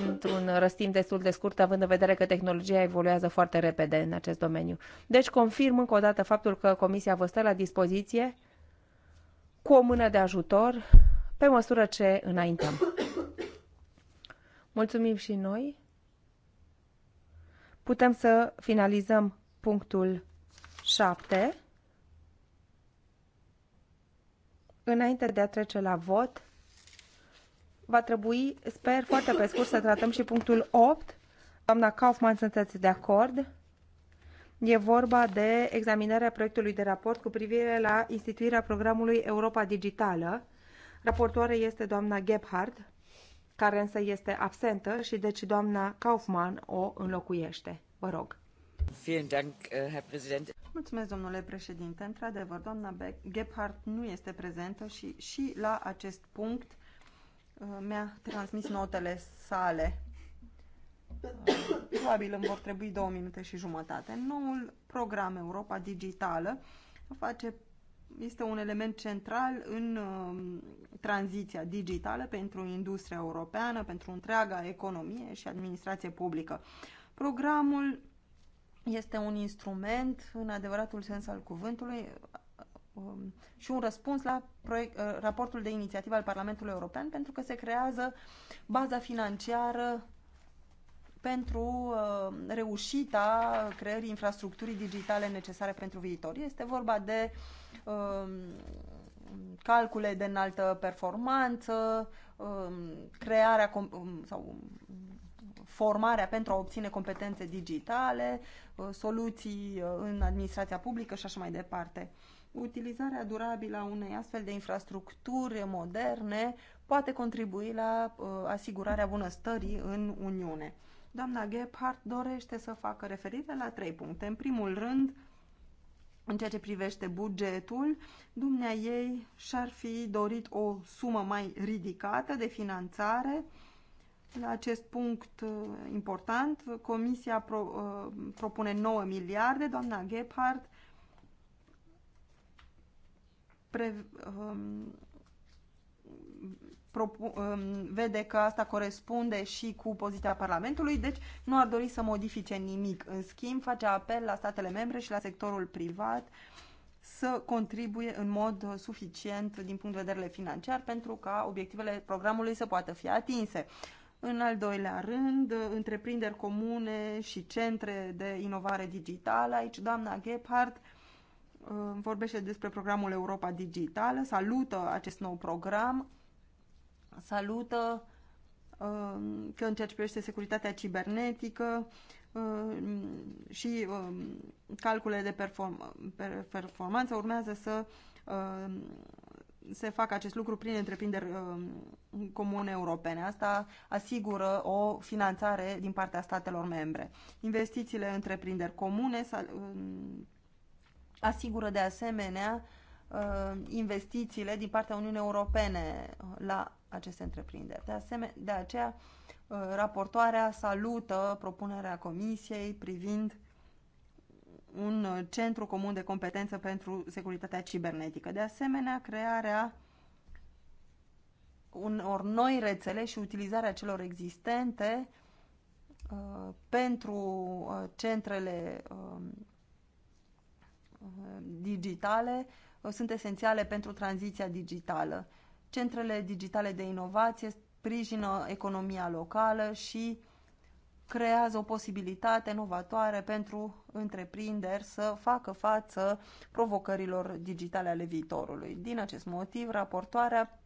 într-un răstim destul de scurt, având în vedere că tehnologia evoluează foarte repede în acest domeniu. Deci confirm încă o dată faptul că Comisia vă stă la dispoziție cu o mână de ajutor pe măsură ce înaintăm. Mulțumim și noi. Putem să finalizăm punctul 7. Înainte de a trece la vot, va trebui, sper foarte pe scurt, să tratăm și punctul 8. Doamna Kaufman, sunteți de acord? E vorba de examinarea proiectului de raport cu privire la instituirea programului Europa Digitală. Raportoare este doamna Gebhardt care însă este absentă și deci doamna Kaufmann o înlocuiește. Vă rog. Äh, Mulțumesc, domnule președinte. Într-adevăr, doamna Gebhardt nu este prezentă și, și la acest punct uh, mi-a transmis notele sale. Uh, probabil îmi vor trebui două minute și jumătate. Noul program Europa Digitală face este un element central în uh, tranziția digitală pentru industria europeană, pentru întreaga economie și administrație publică. Programul este un instrument, în adevăratul sens al cuvântului, uh, um, și un răspuns la proiect, uh, raportul de inițiativă al Parlamentului European pentru că se creează baza financiară pentru reușita creării infrastructurii digitale necesare pentru viitor. Este vorba de uh, Um, calcule de înaltă performanță, um, crearea um, sau formarea pentru a obține competențe digitale, uh, soluții uh, în administrația publică și așa mai departe. Utilizarea durabilă a unei astfel de infrastructuri moderne poate contribui la uh, asigurarea bunăstării în Uniune. Doamna Gebhardt dorește să facă referire la trei puncte. În primul rând, în ceea ce privește bugetul, dumnea ei și-ar fi dorit o sumă mai ridicată de finanțare. La acest punct uh, important, Comisia pro, uh, propune 9 miliarde, doamna Gebhardt pre, um, Um, vede că asta corespunde și cu poziția Parlamentului, deci nu ar dori să modifice nimic. În schimb, face apel la statele membre și la sectorul privat să contribuie în mod suficient din punct de vedere financiar pentru ca obiectivele programului să poată fi atinse. În al doilea rând, întreprinderi comune și centre de inovare digitală. Aici doamna Gebhardt uh, vorbește despre programul Europa Digitală, salută acest nou program salută um, că încerci ceea privește securitatea cibernetică um, și um, calculele de perform- performanță urmează să se facă acest lucru prin întreprinderi comune europene. Asta asigură o finanțare din partea statelor membre. Investițiile întreprinderi comune asigură de asemenea uh, investițiile din partea Uniunii Europene la aceste întreprinderi. De, asemenea, de aceea, uh, raportoarea salută propunerea Comisiei privind un uh, centru comun de competență pentru securitatea cibernetică. De asemenea, crearea unor noi rețele și utilizarea celor existente uh, pentru centrele um, digitale sunt esențiale pentru tranziția digitală. Centrele digitale de inovație sprijină economia locală și creează o posibilitate inovatoare pentru întreprinderi să facă față provocărilor digitale ale viitorului. Din acest motiv, raportoarea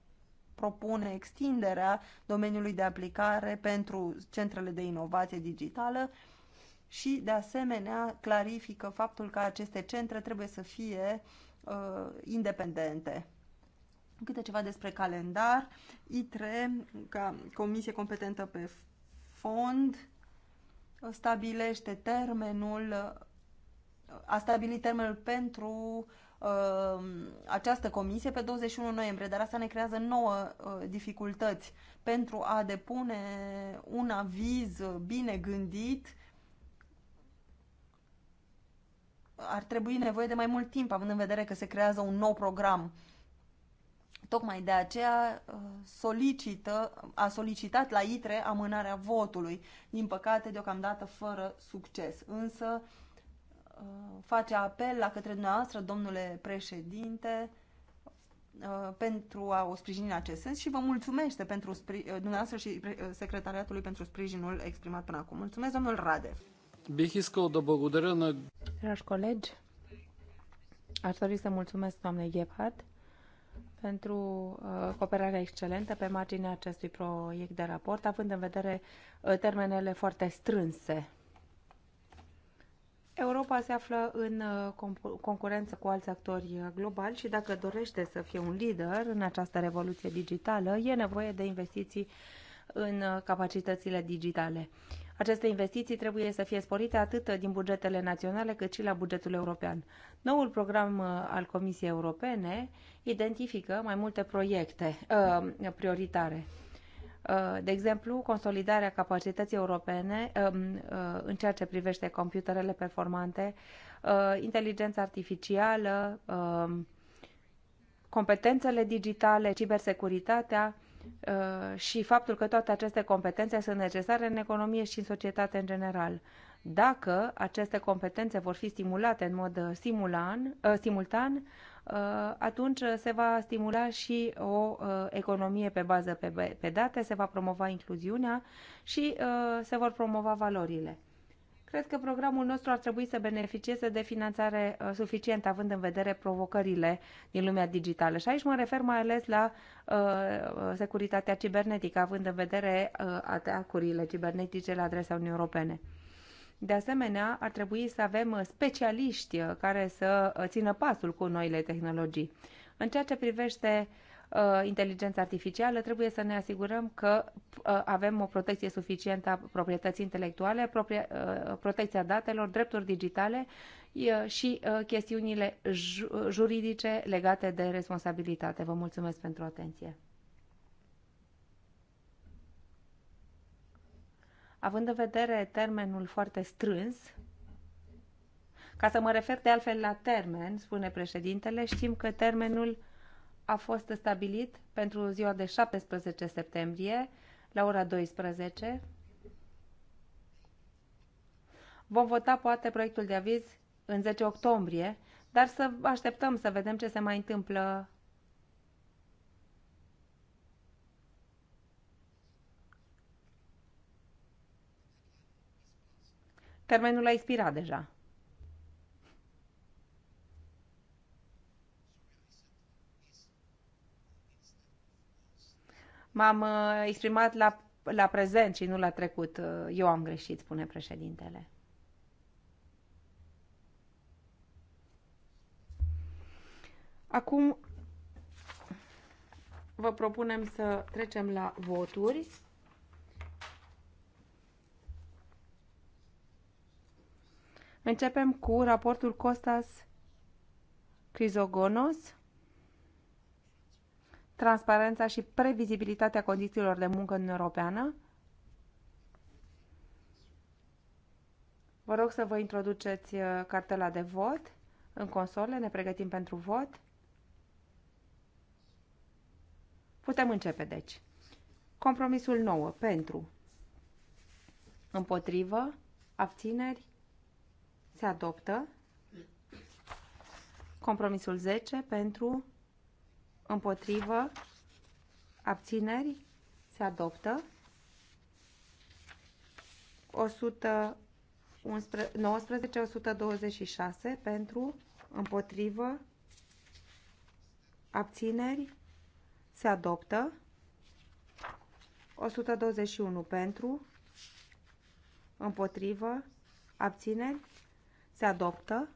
propune extinderea domeniului de aplicare pentru centrele de inovație digitală și, de asemenea, clarifică faptul că aceste centre trebuie să fie uh, independente. Câte ceva despre calendar. ITRE, ca comisie competentă pe fond, stabilește termenul, a stabilit termenul pentru uh, această comisie pe 21 noiembrie, dar asta ne creează nouă uh, dificultăți pentru a depune un aviz bine gândit ar trebui nevoie de mai mult timp, având în vedere că se creează un nou program. Uh, Tocmai de aceea uh, solicită, a solicitat la ITRE amânarea votului, din păcate deocamdată fără succes. Însă uh, face apel la către dumneavoastră, domnule președinte, uh, pentru a o sprijini în acest sens și vă mulțumește pentru dumneavoastră și secretariatului pentru sprijinul exprimat până acum. Mulțumesc, domnul Rade. Dragi colegi, aș dori să mulțumesc doamnei Gebhardt pentru uh, cooperarea excelentă pe marginea acestui proiect de raport, având în vedere uh, termenele foarte strânse. Europa se află în uh, concurență cu alți actori globali și dacă dorește să fie un lider în această revoluție digitală, e nevoie de investiții în capacitățile digitale. Aceste investiții trebuie să fie sporite atât din bugetele naționale cât și la bugetul european. Noul program uh, al Comisiei Europene identifică mai multe proiecte uh, prioritare. Uh, de exemplu, consolidarea capacității europene um, uh, în ceea ce privește computerele performante, inteligența artificială, um, competențele digitale, cibersecuritatea, Uh, și faptul că toate aceste competențe sunt necesare în economie și în societate în general. Dacă aceste competențe vor fi stimulate în mod uh, simulan, uh, simultan, atunci se va stimula și o economie pe bază pe, date, se va promova incluziunea și se vor promova valorile. Cred că programul nostru ar trebui să beneficieze de finanțare uh, suficientă, având în vedere provocările din lumea digitală. Și aici mă refer mai ales la uh, securitatea cibernetică, având în vedere uh, atacurile cibernetice la adresa Uniunii Europene. De asemenea, ar trebui să avem uh, specialiști uh, care să țină pasul cu noile tehnologii. În ceea ce privește uh, Uh, inteligența artificială, trebuie să ne asigurăm că uh, avem o protecție suficientă a proprietății intelectuale, uh, protecția datelor, drepturi digitale și chestiunile juridice legate de responsabilitate. Vă mulțumesc pentru atenție. Având în vedere termenul foarte strâns, ca să mă refer de altfel la termen, spune președintele, știm că termenul a fost stabilit pentru ziua de 17 septembrie la ora 12. Vom vota poate proiectul de aviz în 10 octombrie, dar să așteptăm să vedem ce se mai întâmplă Termenul a expirat deja. M-am uh, exprimat la, la prezent și nu la trecut. Uh, eu am greșit, spune președintele. Acum vă propunem să trecem la voturi. Începem cu raportul Costas Crizogonos transparența și previzibilitatea condițiilor de muncă în Europeană. Vă rog să vă introduceți uh, cartela de vot în console, ne pregătim pentru vot. Putem începe, deci. Compromisul 9. Pentru. Împotrivă. Abțineri. Se adoptă. Compromisul 10. Pentru împotrivă, abțineri, se adoptă. 119-126 pentru, împotrivă, abțineri, se adoptă. 121 pentru, împotrivă, abțineri, se adoptă.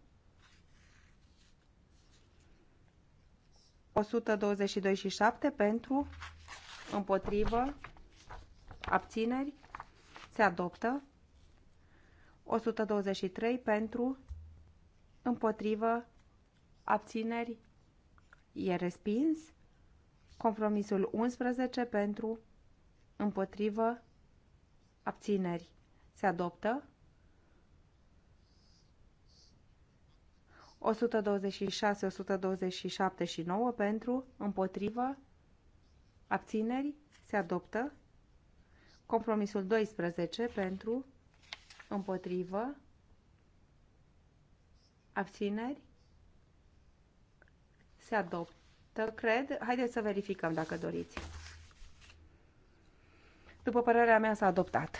122 și 7 pentru, împotrivă, abțineri, se adoptă. 123 pentru, împotrivă, abțineri, e respins. Compromisul 11 pentru, împotrivă, abțineri, se adoptă. 126, 127 și 9 pentru, împotrivă, abțineri, se adoptă. Compromisul 12 pentru, împotrivă, abțineri, se adoptă, cred. Haideți să verificăm dacă doriți. După părerea mea s-a adoptat.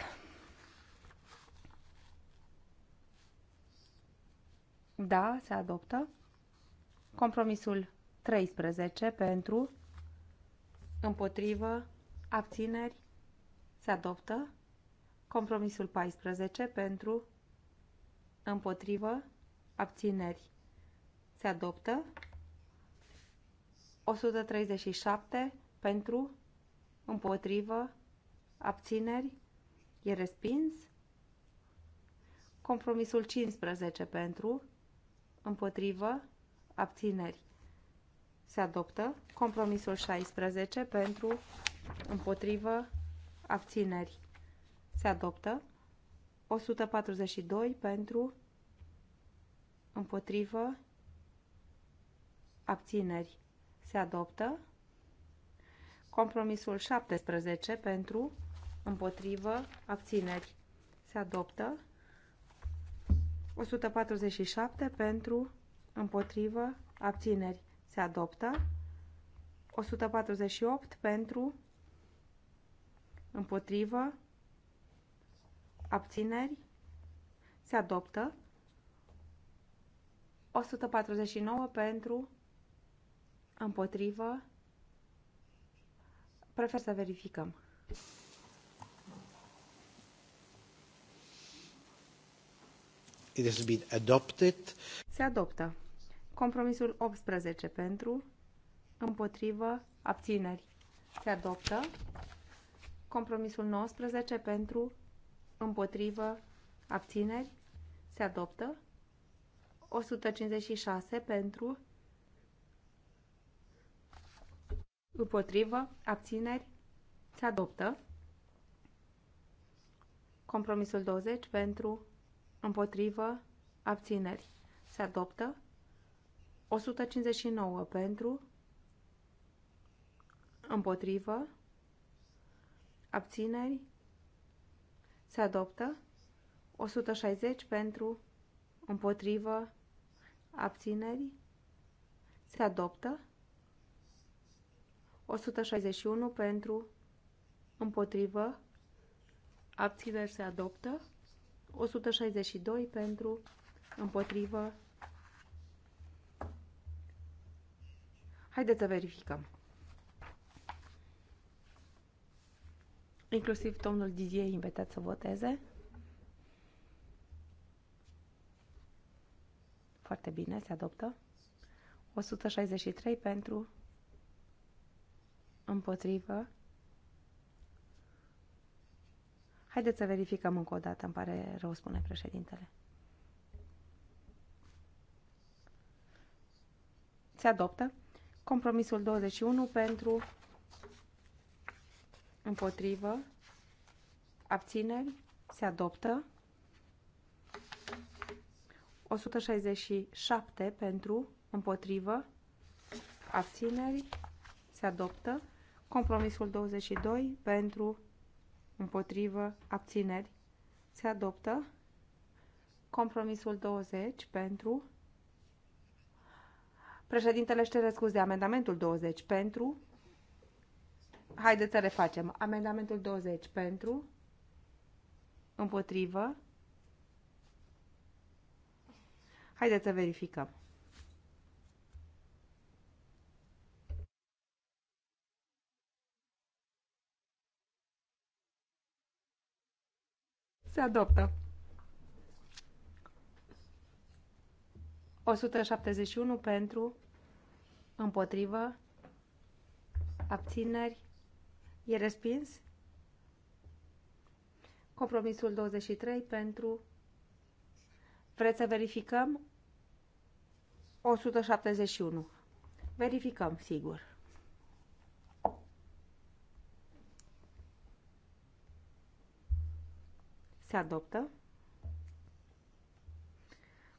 Da, se adoptă. Compromisul 13 pentru, împotrivă, abțineri, se adoptă. Compromisul 14 pentru, împotrivă, abțineri, se adoptă. 137 pentru, împotrivă, abțineri, e respins. Compromisul 15 pentru, împotrivă, abțineri. Se adoptă compromisul 16 pentru, împotrivă, abțineri. Se adoptă 142 pentru, împotrivă, abțineri. Se adoptă compromisul 17 pentru, împotrivă, abțineri. Se adoptă 147 pentru, împotrivă, abțineri se adoptă. 148 pentru, împotrivă, abțineri se adoptă. 149 pentru, împotrivă, prefer să verificăm. It has been adopted. Se adoptă. Compromisul 18 pentru, împotrivă, abțineri. Se adoptă. Compromisul 19 pentru, împotrivă, abțineri. Se adoptă. 156 pentru, împotrivă, abțineri. Se adoptă. Compromisul 20 pentru, împotrivă, abțineri, se adoptă. 159 pentru, împotrivă, abțineri, se adoptă. 160 pentru, împotrivă, abțineri, se adoptă. 161 pentru, împotrivă, abțineri se adoptă. 162 pentru, împotrivă. Haideți să verificăm. Inclusiv domnul Didier invitat să voteze. Foarte bine, se adoptă. 163 pentru, împotrivă. Haideți să verificăm încă o dată, îmi pare rău, spune președintele. Se adoptă compromisul 21 pentru împotrivă abțineri. Se adoptă 167 pentru împotrivă abțineri. Se adoptă compromisul 22 pentru împotrivă, abțineri, se adoptă. Compromisul 20 pentru. Președintele își cere scuze, amendamentul 20 pentru. Haideți să refacem. Amendamentul 20 pentru, împotrivă. Haideți să verificăm. Se adoptă. 171 pentru, împotrivă, abțineri, e respins. Compromisul 23 pentru, vreți să verificăm? 171. Verificăm, sigur. Se adoptă.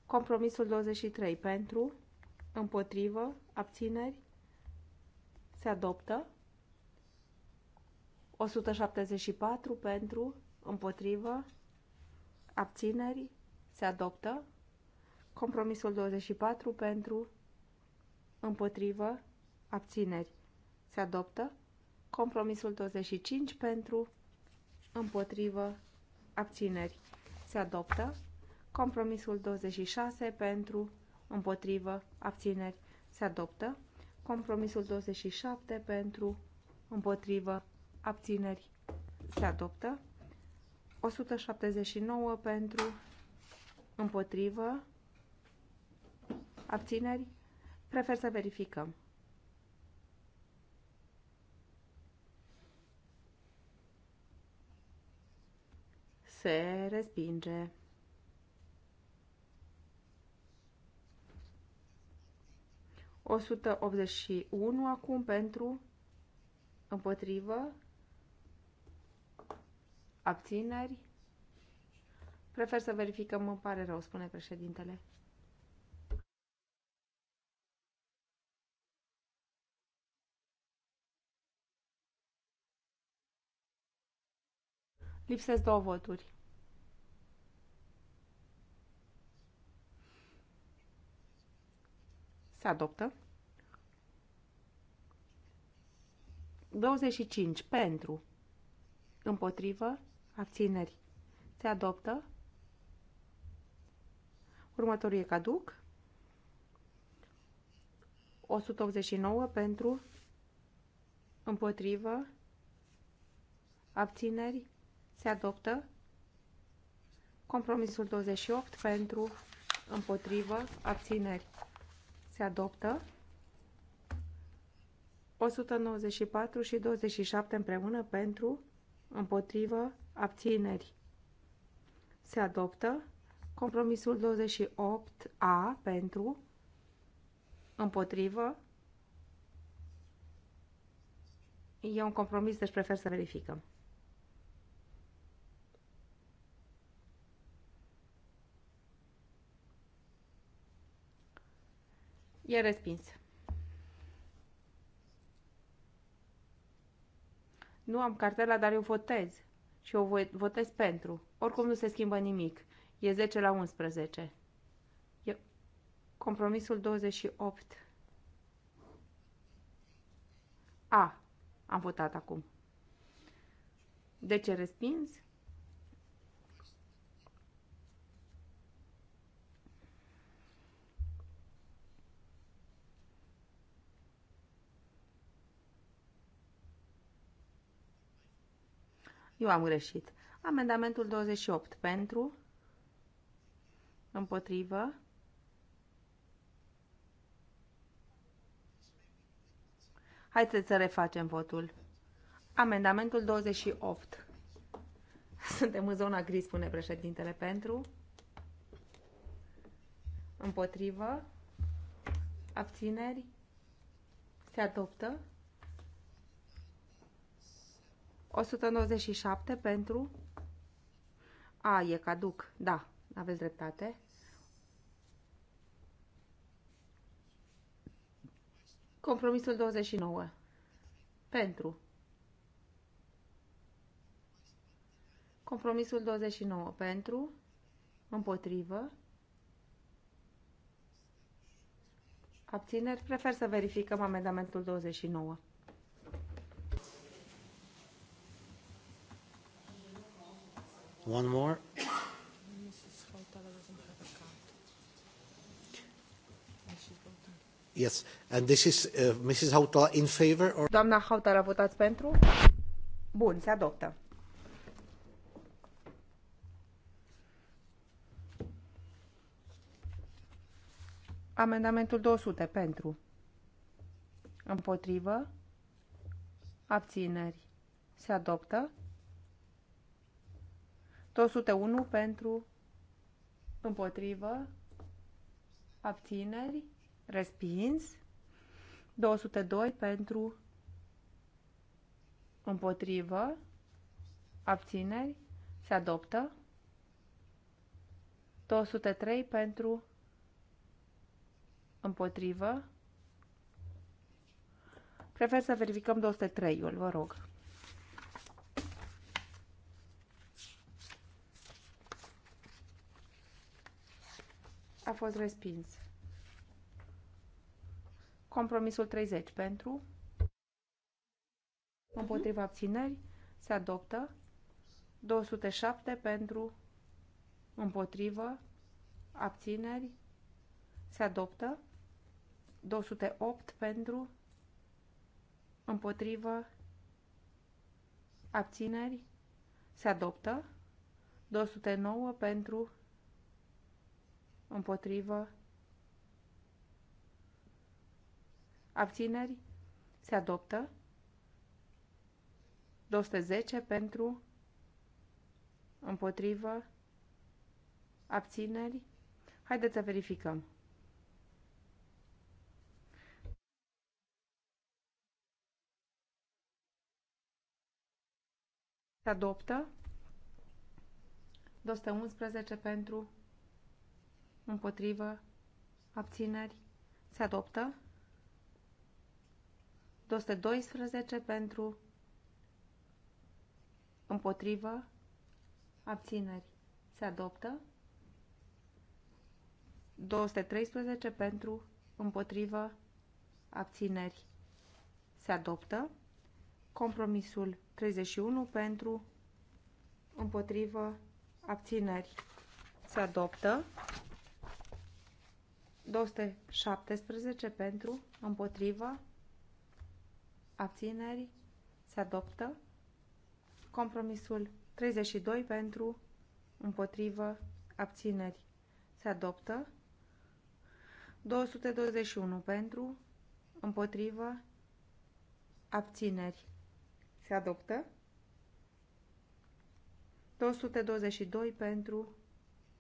Compromisul 23 pentru, împotrivă, abțineri, se adoptă. 174 pentru, împotrivă, abțineri, se adoptă. Compromisul 24 pentru, împotrivă, abțineri, se adoptă. Compromisul 25 pentru, împotrivă, abțineri se adoptă. Compromisul 26 pentru, împotrivă, abțineri se adoptă. Compromisul 27 pentru, împotrivă, abțineri se adoptă. 179 pentru, împotrivă, abțineri. Prefer să verificăm. se respinge. O unu acum pentru împotrivă abțineri. Prefer să verificăm, îmi pare rău, spune președintele. Lipsesc două voturi. Se adoptă. 25 pentru, împotrivă, abțineri. Se adoptă. Următorul e caduc. 189 pentru, împotrivă, abțineri se adoptă. Compromisul 28 pentru, împotrivă, abțineri se adoptă. 194 și 27 împreună pentru, împotrivă, abțineri se adoptă. Compromisul 28A pentru, împotrivă, E un compromis, deci prefer să verificăm. E respins. Nu am cartela, dar eu votez. Și eu votez pentru. Oricum nu se schimbă nimic. E 10 la 11. E compromisul 28. A. Am votat acum. De ce respins. Eu am greșit. Amendamentul 28 pentru, împotrivă, Haideți să refacem votul. Amendamentul 28. Suntem în zona gri, spune președintele, pentru, împotrivă, abțineri, se adoptă. 197 pentru... A, e caduc. Da, aveți dreptate. Compromisul 29. Pentru. Compromisul 29. Pentru. Împotrivă. Abțineri. Prefer să verificăm amendamentul 29. One more. Yes, and this is uh, Mrs. Hautala in favor or? Doamna Hautala, votați pentru? Bun, se adoptă. Amendamentul 200 pentru. Împotrivă. Abțineri. Se adoptă. 201 pentru, împotrivă, abțineri, respins. 202 pentru, împotrivă, abțineri, se adoptă. 203 pentru, împotrivă. Prefer să verificăm 203-ul, vă rog. a fost respins. Compromisul 30 pentru, împotriva abțineri, se adoptă. 207 pentru, împotrivă, abțineri, se adoptă. 208 pentru, împotrivă, abțineri, se adoptă. 209 pentru, Împotrivă. Abțineri. Se adoptă. 210 pentru. Împotrivă. Abțineri. Haideți să verificăm. Se adoptă. 211 pentru împotrivă, abțineri, se adoptă. 212 pentru, împotrivă, abțineri, se adoptă. 213 pentru, împotrivă, abțineri, se adoptă. Compromisul 31 pentru, împotrivă, abțineri, se adoptă. 217 pentru, împotrivă, abțineri, se adoptă. Compromisul 32 pentru, împotrivă, abțineri, se adoptă. 221 pentru, împotrivă, abțineri, se adoptă. 222 pentru,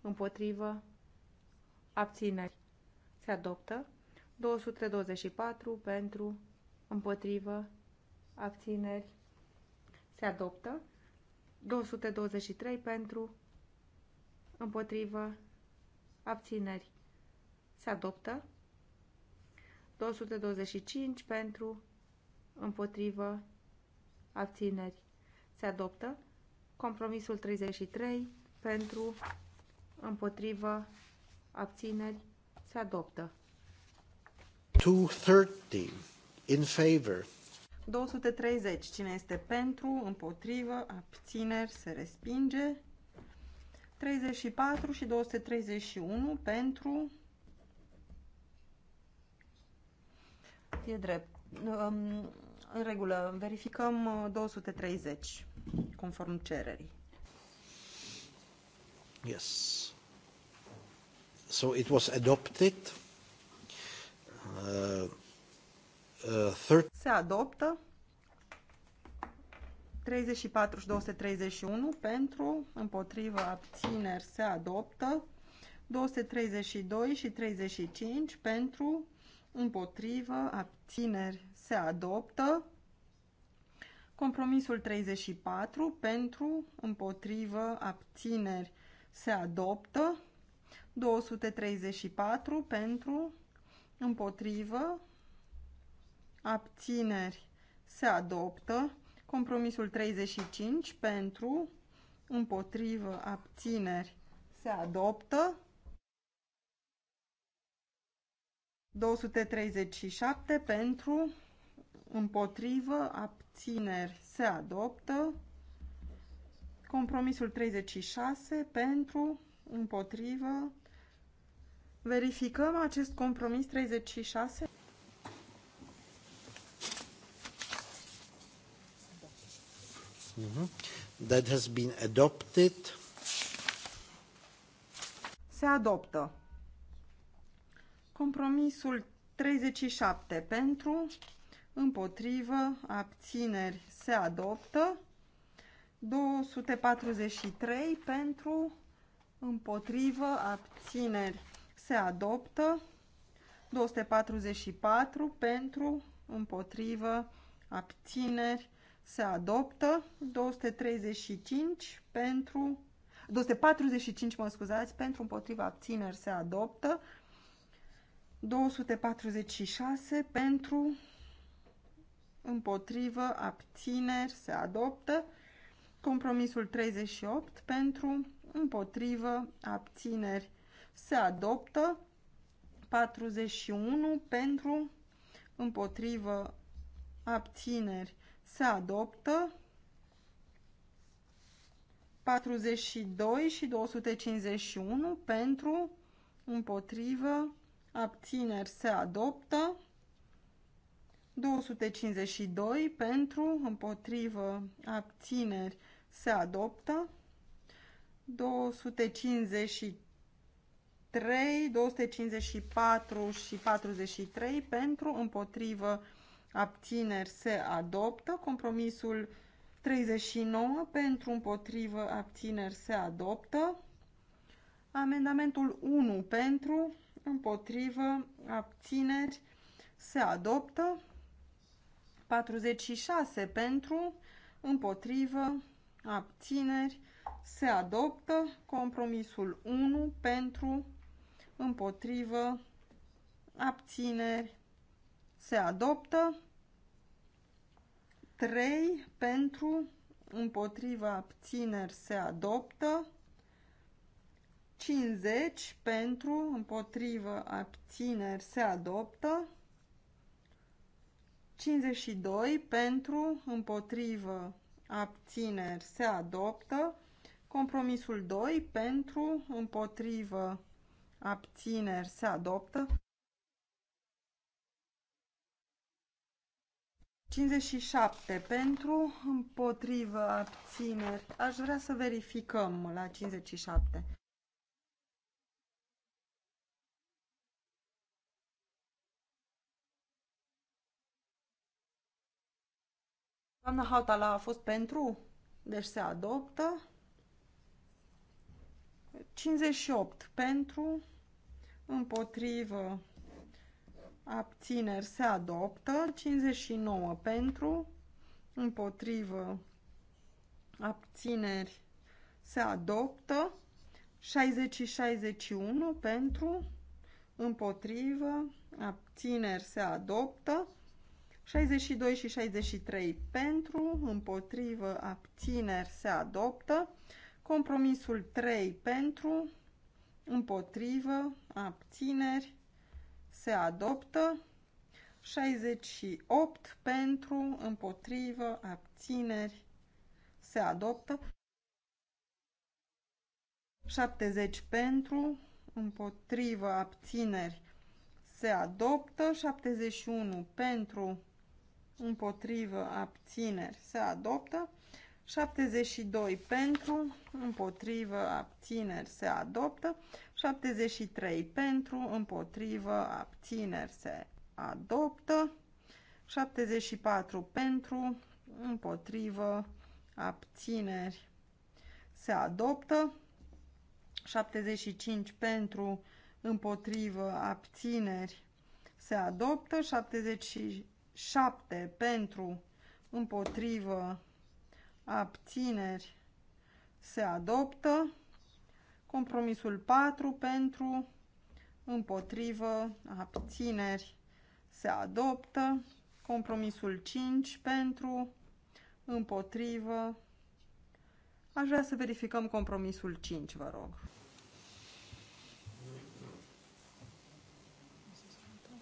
împotrivă, abțineri se adoptă. 224 pentru, împotrivă, abțineri, se adoptă. 223 pentru, împotrivă, abțineri, se adoptă. 225 pentru, împotrivă, abțineri, se adoptă. Compromisul 33 pentru, împotrivă, abțineri, se adoptă. 230 in favor. 230. Cine este pentru, împotrivă, abțineri, se respinge. 34 și 231 pentru. E drept. Um, în regulă, verificăm 230 uh, conform cererii. Yes. So it was adopted. Uh, uh, Se adoptă 34 231 pentru, împotrivă, abțineri se adoptă, 232 și 35 pentru, împotrivă, abțineri se adoptă, compromisul 34 pentru, împotrivă, abțineri se adoptă, 234 pentru, împotrivă, abțineri se adoptă. Compromisul 35 pentru, împotrivă, abțineri se adoptă. 237 pentru, împotrivă, abțineri se adoptă. Compromisul 36 pentru, împotrivă, Verificăm acest compromis 36. Mm -hmm. That has been adopted. Se adoptă. Compromisul 37 pentru, împotrivă, abțineri se adoptă. 243 pentru, împotrivă, abțineri se adoptă 244 pentru, împotrivă, abțineri, se adoptă 235 pentru, 245, mă scuzați, pentru împotriva abțineri se adoptă 246 pentru împotrivă abțineri se adoptă compromisul 38 pentru împotrivă abțineri se adoptă 41 pentru împotrivă abțineri se adoptă 42 și 251 pentru împotrivă abțineri se adoptă 252 pentru împotrivă abțineri se adoptă 253 3, 254 și 43 pentru, împotrivă, abțineri se adoptă. Compromisul 39 pentru, împotrivă, abțineri se adoptă. Amendamentul 1 pentru, împotrivă, abțineri se adoptă. 46 pentru, împotrivă, abțineri se adoptă. Compromisul 1 pentru, împotrivă, abțineri, se adoptă. 3 pentru, împotrivă, abțineri se adoptă, 50 pentru, împotrivă, abțineri se adoptă, 52 pentru, împotrivă, abțineri se adoptă, compromisul 2 pentru, împotriva abțineri se adoptă. 57 pentru, împotrivă, abțineri. Aș vrea să verificăm la 57. Doamna Hautala a fost pentru, deci se adoptă. 58 pentru, împotrivă, abțineri se adoptă, 59 pentru, împotrivă, abțineri se adoptă, 60 61 pentru, împotrivă, abțineri se adoptă, 62 și 63 pentru, împotrivă, abțineri se adoptă, Compromisul 3 pentru, împotrivă, abțineri, se adoptă. 68 pentru, împotrivă, abțineri, se adoptă. 70 pentru, împotrivă, abțineri, se adoptă. 71 pentru, împotrivă, abțineri, se adoptă. 72 pentru, împotrivă, abțineri se adoptă. 73 pentru, împotrivă, abțineri se adoptă. 74 pentru, împotrivă, abțineri se adoptă. 75 pentru, împotrivă, abțineri se adoptă. 77 pentru, împotrivă, abțineri se adoptă. Compromisul 4 pentru, împotrivă, abțineri se adoptă. Compromisul 5 pentru, împotrivă. Aș vrea să verificăm compromisul 5, vă rog.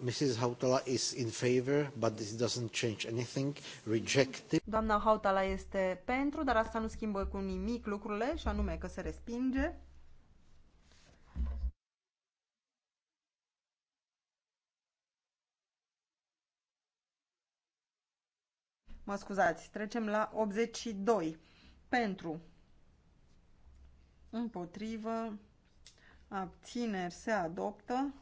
Mrs. Hautala is in favor, but this doesn't change anything. Rejected. Doamna Hautala este pentru, dar asta nu schimbă cu nimic lucrurile, și anume că se respinge. Mă scuzați, trecem la 82. Pentru, împotrivă, abțineri se adoptă.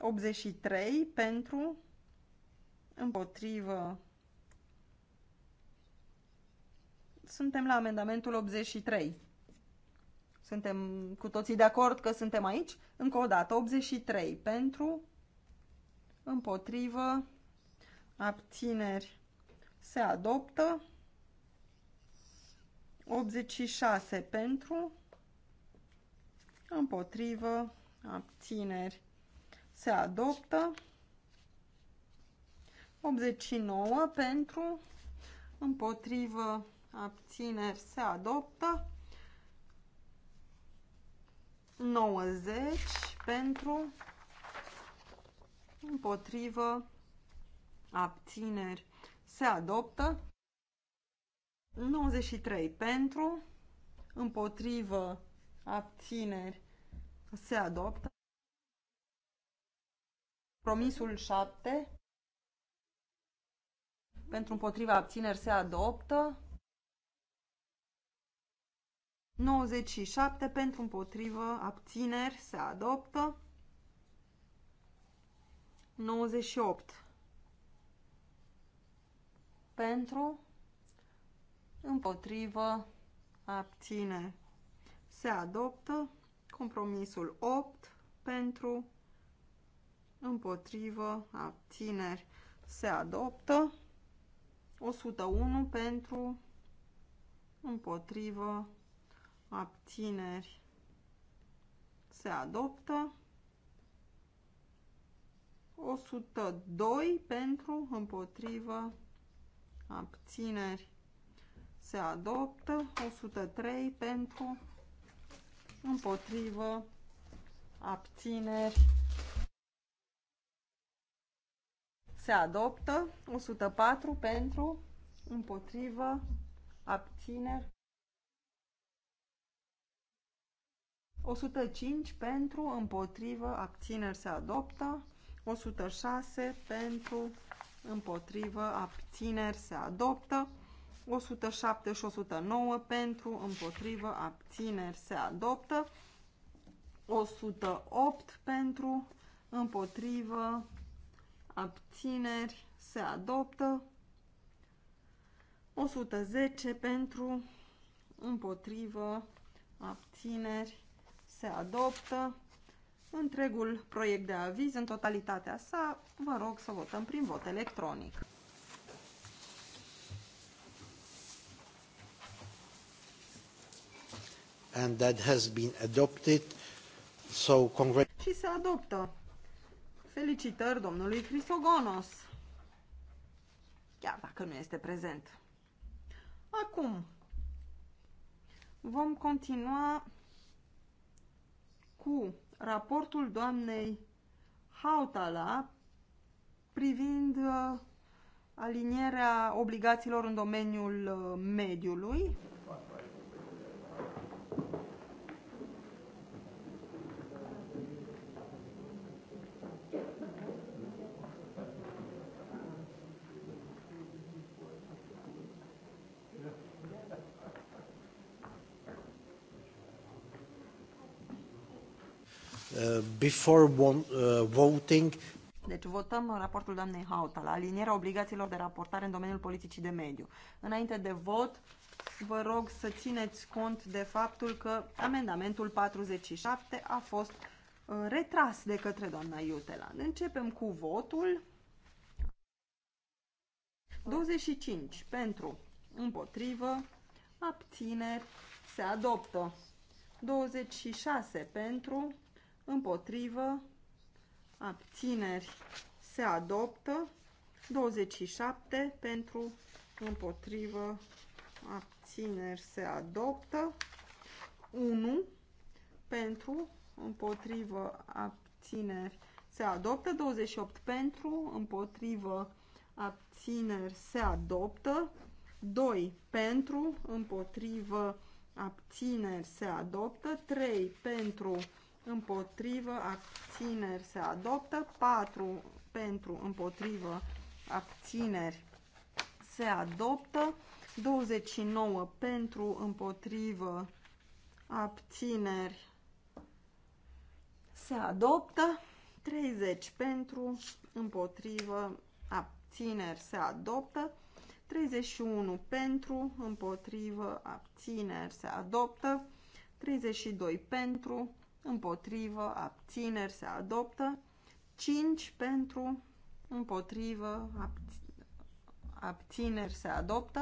83 pentru, împotrivă. Suntem la amendamentul 83. Suntem cu toții de acord că suntem aici? Încă o dată, 83 pentru, împotrivă, abțineri se adoptă, 86 pentru, împotrivă, abțineri se adoptă. 89 pentru, împotrivă, abțineri, se adoptă. 90 pentru, împotrivă, abțineri, se adoptă. 93 pentru, împotrivă, abțineri, se adoptă. Promisul 7 pentru împotriva abțineri se adoptă. 97 pentru împotriva abțineri se adoptă. 98 pentru împotrivă abțineri se adoptă. Compromisul 8 pentru împotrivă, abțineri, se adoptă. 101 pentru, împotrivă, abțineri, se adoptă. 102 pentru, împotrivă, abțineri, se adoptă. 103 pentru, împotrivă, abțineri, se adoptă. 104 pentru, împotrivă, abțineri. 105 pentru, împotrivă, abțineri se adoptă. 106 pentru, împotrivă, abțineri se adoptă. 107 și 109 pentru, împotrivă, abțineri se adoptă. 108 pentru, împotrivă, abțineri, se adoptă. 110 pentru, împotrivă, abțineri, se adoptă. Întregul proiect de aviz în totalitatea sa, vă rog să votăm prin vot electronic. And that has been adopted. So, și se adoptă. Felicitări domnului Crisogonos, chiar dacă nu este prezent. Acum, vom continua cu raportul doamnei Hautala privind uh, alinierea obligațiilor în domeniul uh, mediului. Uh, before uh, voting. Deci votăm raportul doamnei Hauta la alinierea obligațiilor de raportare în domeniul politicii de mediu. Înainte de vot, vă rog să țineți cont de faptul că amendamentul 47 a fost uh, retras de către doamna Iutela. Începem cu votul. 25 pentru, împotrivă, abțineri, se adoptă. 26 pentru, împotrivă, abțineri se adoptă, 27 pentru, împotrivă, abțineri se adoptă, 1 pentru, împotrivă, abțineri se adoptă, 28 pentru, împotrivă, abțineri se adoptă, 2 pentru, împotrivă, abțineri se adoptă, 3 pentru, împotrivă, abțineri se adoptă, 4 pentru, împotrivă, abțineri se adoptă, 29 pentru, împotrivă, abțineri se adoptă, 30 pentru, împotrivă, abțineri se adoptă, 31 pentru, împotrivă, abțineri se adoptă, 32 pentru, împotrivă, abțineri, se adoptă. 5 pentru, împotrivă, abțineri, se adoptă.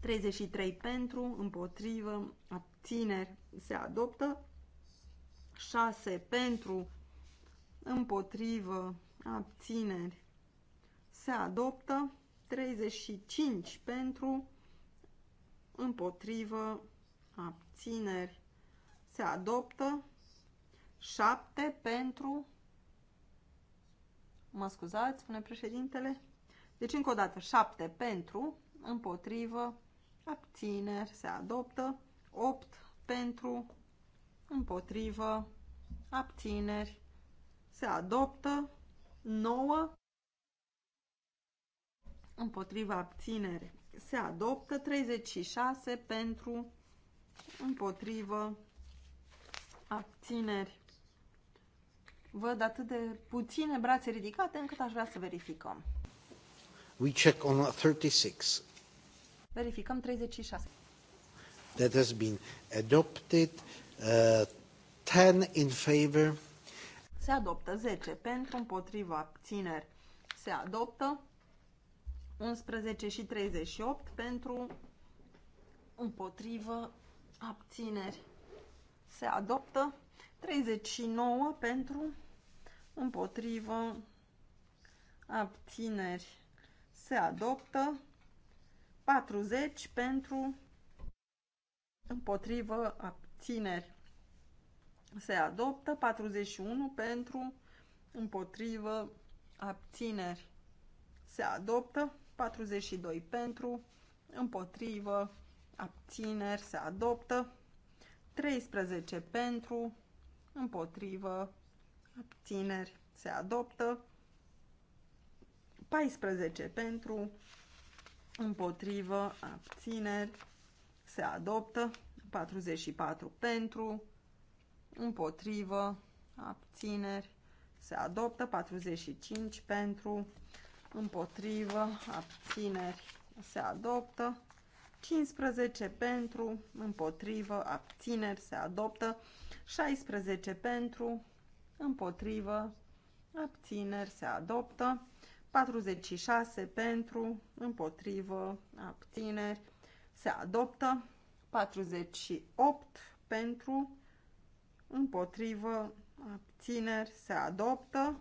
33 pentru, împotrivă, abțineri, se adoptă. 6 pentru, împotrivă, abțineri, se adoptă. 35 pentru, împotrivă, abțineri, se adoptă 7 pentru mă scuzați, spune președintele deci încă o dată 7 pentru împotrivă abțineri se adoptă 8 pentru împotrivă abțineri se adoptă 9 împotriva abținere se adoptă 36 pentru împotrivă abțineri. Văd atât de puține brațe ridicate încât aș vrea să verificăm. We check on 36. Verificăm 36. That has been adopted uh, 10 in favor. Se adoptă 10 pentru împotriva abțineri. Se adoptă 11 și 38 pentru împotrivă abțineri se adoptă 39 pentru împotrivă abțineri se adoptă 40 pentru împotrivă abțineri se adoptă 41 pentru împotrivă abțineri se adoptă 42 pentru împotrivă abțineri se adoptă 13 pentru, împotrivă, abțineri, se adoptă. 14 pentru, împotrivă, abțineri, se adoptă. 44 pentru, împotrivă, abțineri, se adoptă. 45 pentru, împotrivă, abțineri, se adoptă. 15 pentru, împotrivă, abțineri, se adoptă. 16 pentru, împotrivă, abțineri, se adoptă. 46 pentru, împotrivă, abțineri, se adoptă. 48 pentru, împotrivă, abțineri, se adoptă.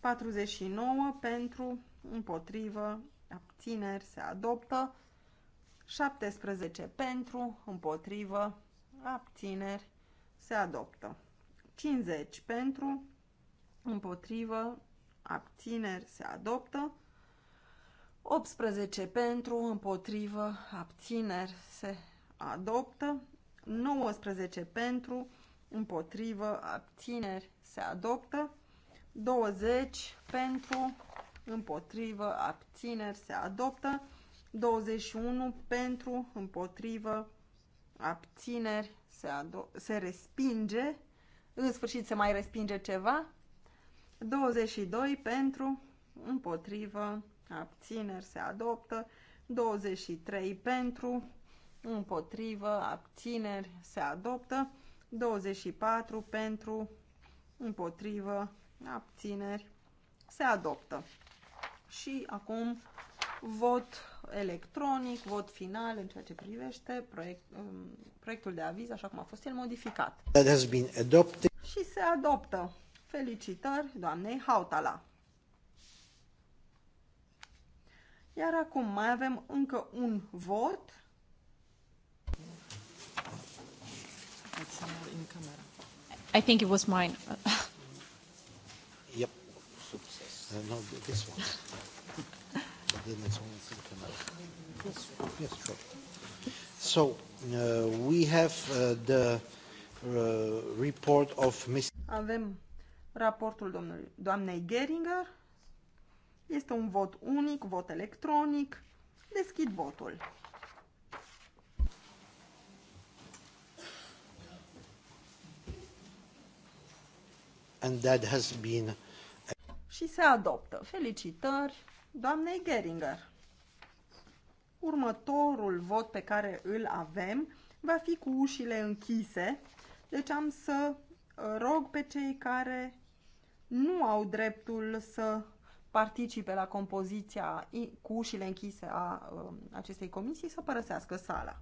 49 pentru, împotrivă, abțineri, se adoptă. 17 pentru, împotrivă, abțineri, se adoptă. 50 pentru, împotrivă, abțineri, se adoptă. 18 pentru, împotrivă, abțineri, se adoptă. 19 pentru, împotrivă, abțineri, se adoptă. 20 pentru, împotrivă, abțineri, se adoptă. 21 pentru, împotrivă, abțineri, se, se respinge, în sfârșit se mai respinge ceva, 22 pentru, împotrivă, abțineri, se adoptă, 23 pentru, împotrivă, abțineri, se adoptă, 24 pentru, împotrivă, abțineri, se adoptă. Și acum vot electronic, vot final în ceea ce privește proiect, um, proiectul de aviz, așa cum a fost el modificat. That has been adopted. Și se adoptă. Felicitări doamnei Hautala. Iar acum mai avem încă un vot. I think it was mine. yep. Uh, no, this one then it's only three Yes, yes, sure. So uh, we have uh, the uh, report of Avem raportul domnului, doamnei Geringer. Este un vot unic, vot electronic. Deschid votul. And that has been... Și se adoptă. Felicitări! doamnei Geringer. Următorul vot pe care îl avem va fi cu ușile închise, deci am să uh, rog pe cei care nu au dreptul să participe la compoziția cu ușile închise a uh, acestei comisii să părăsească sala.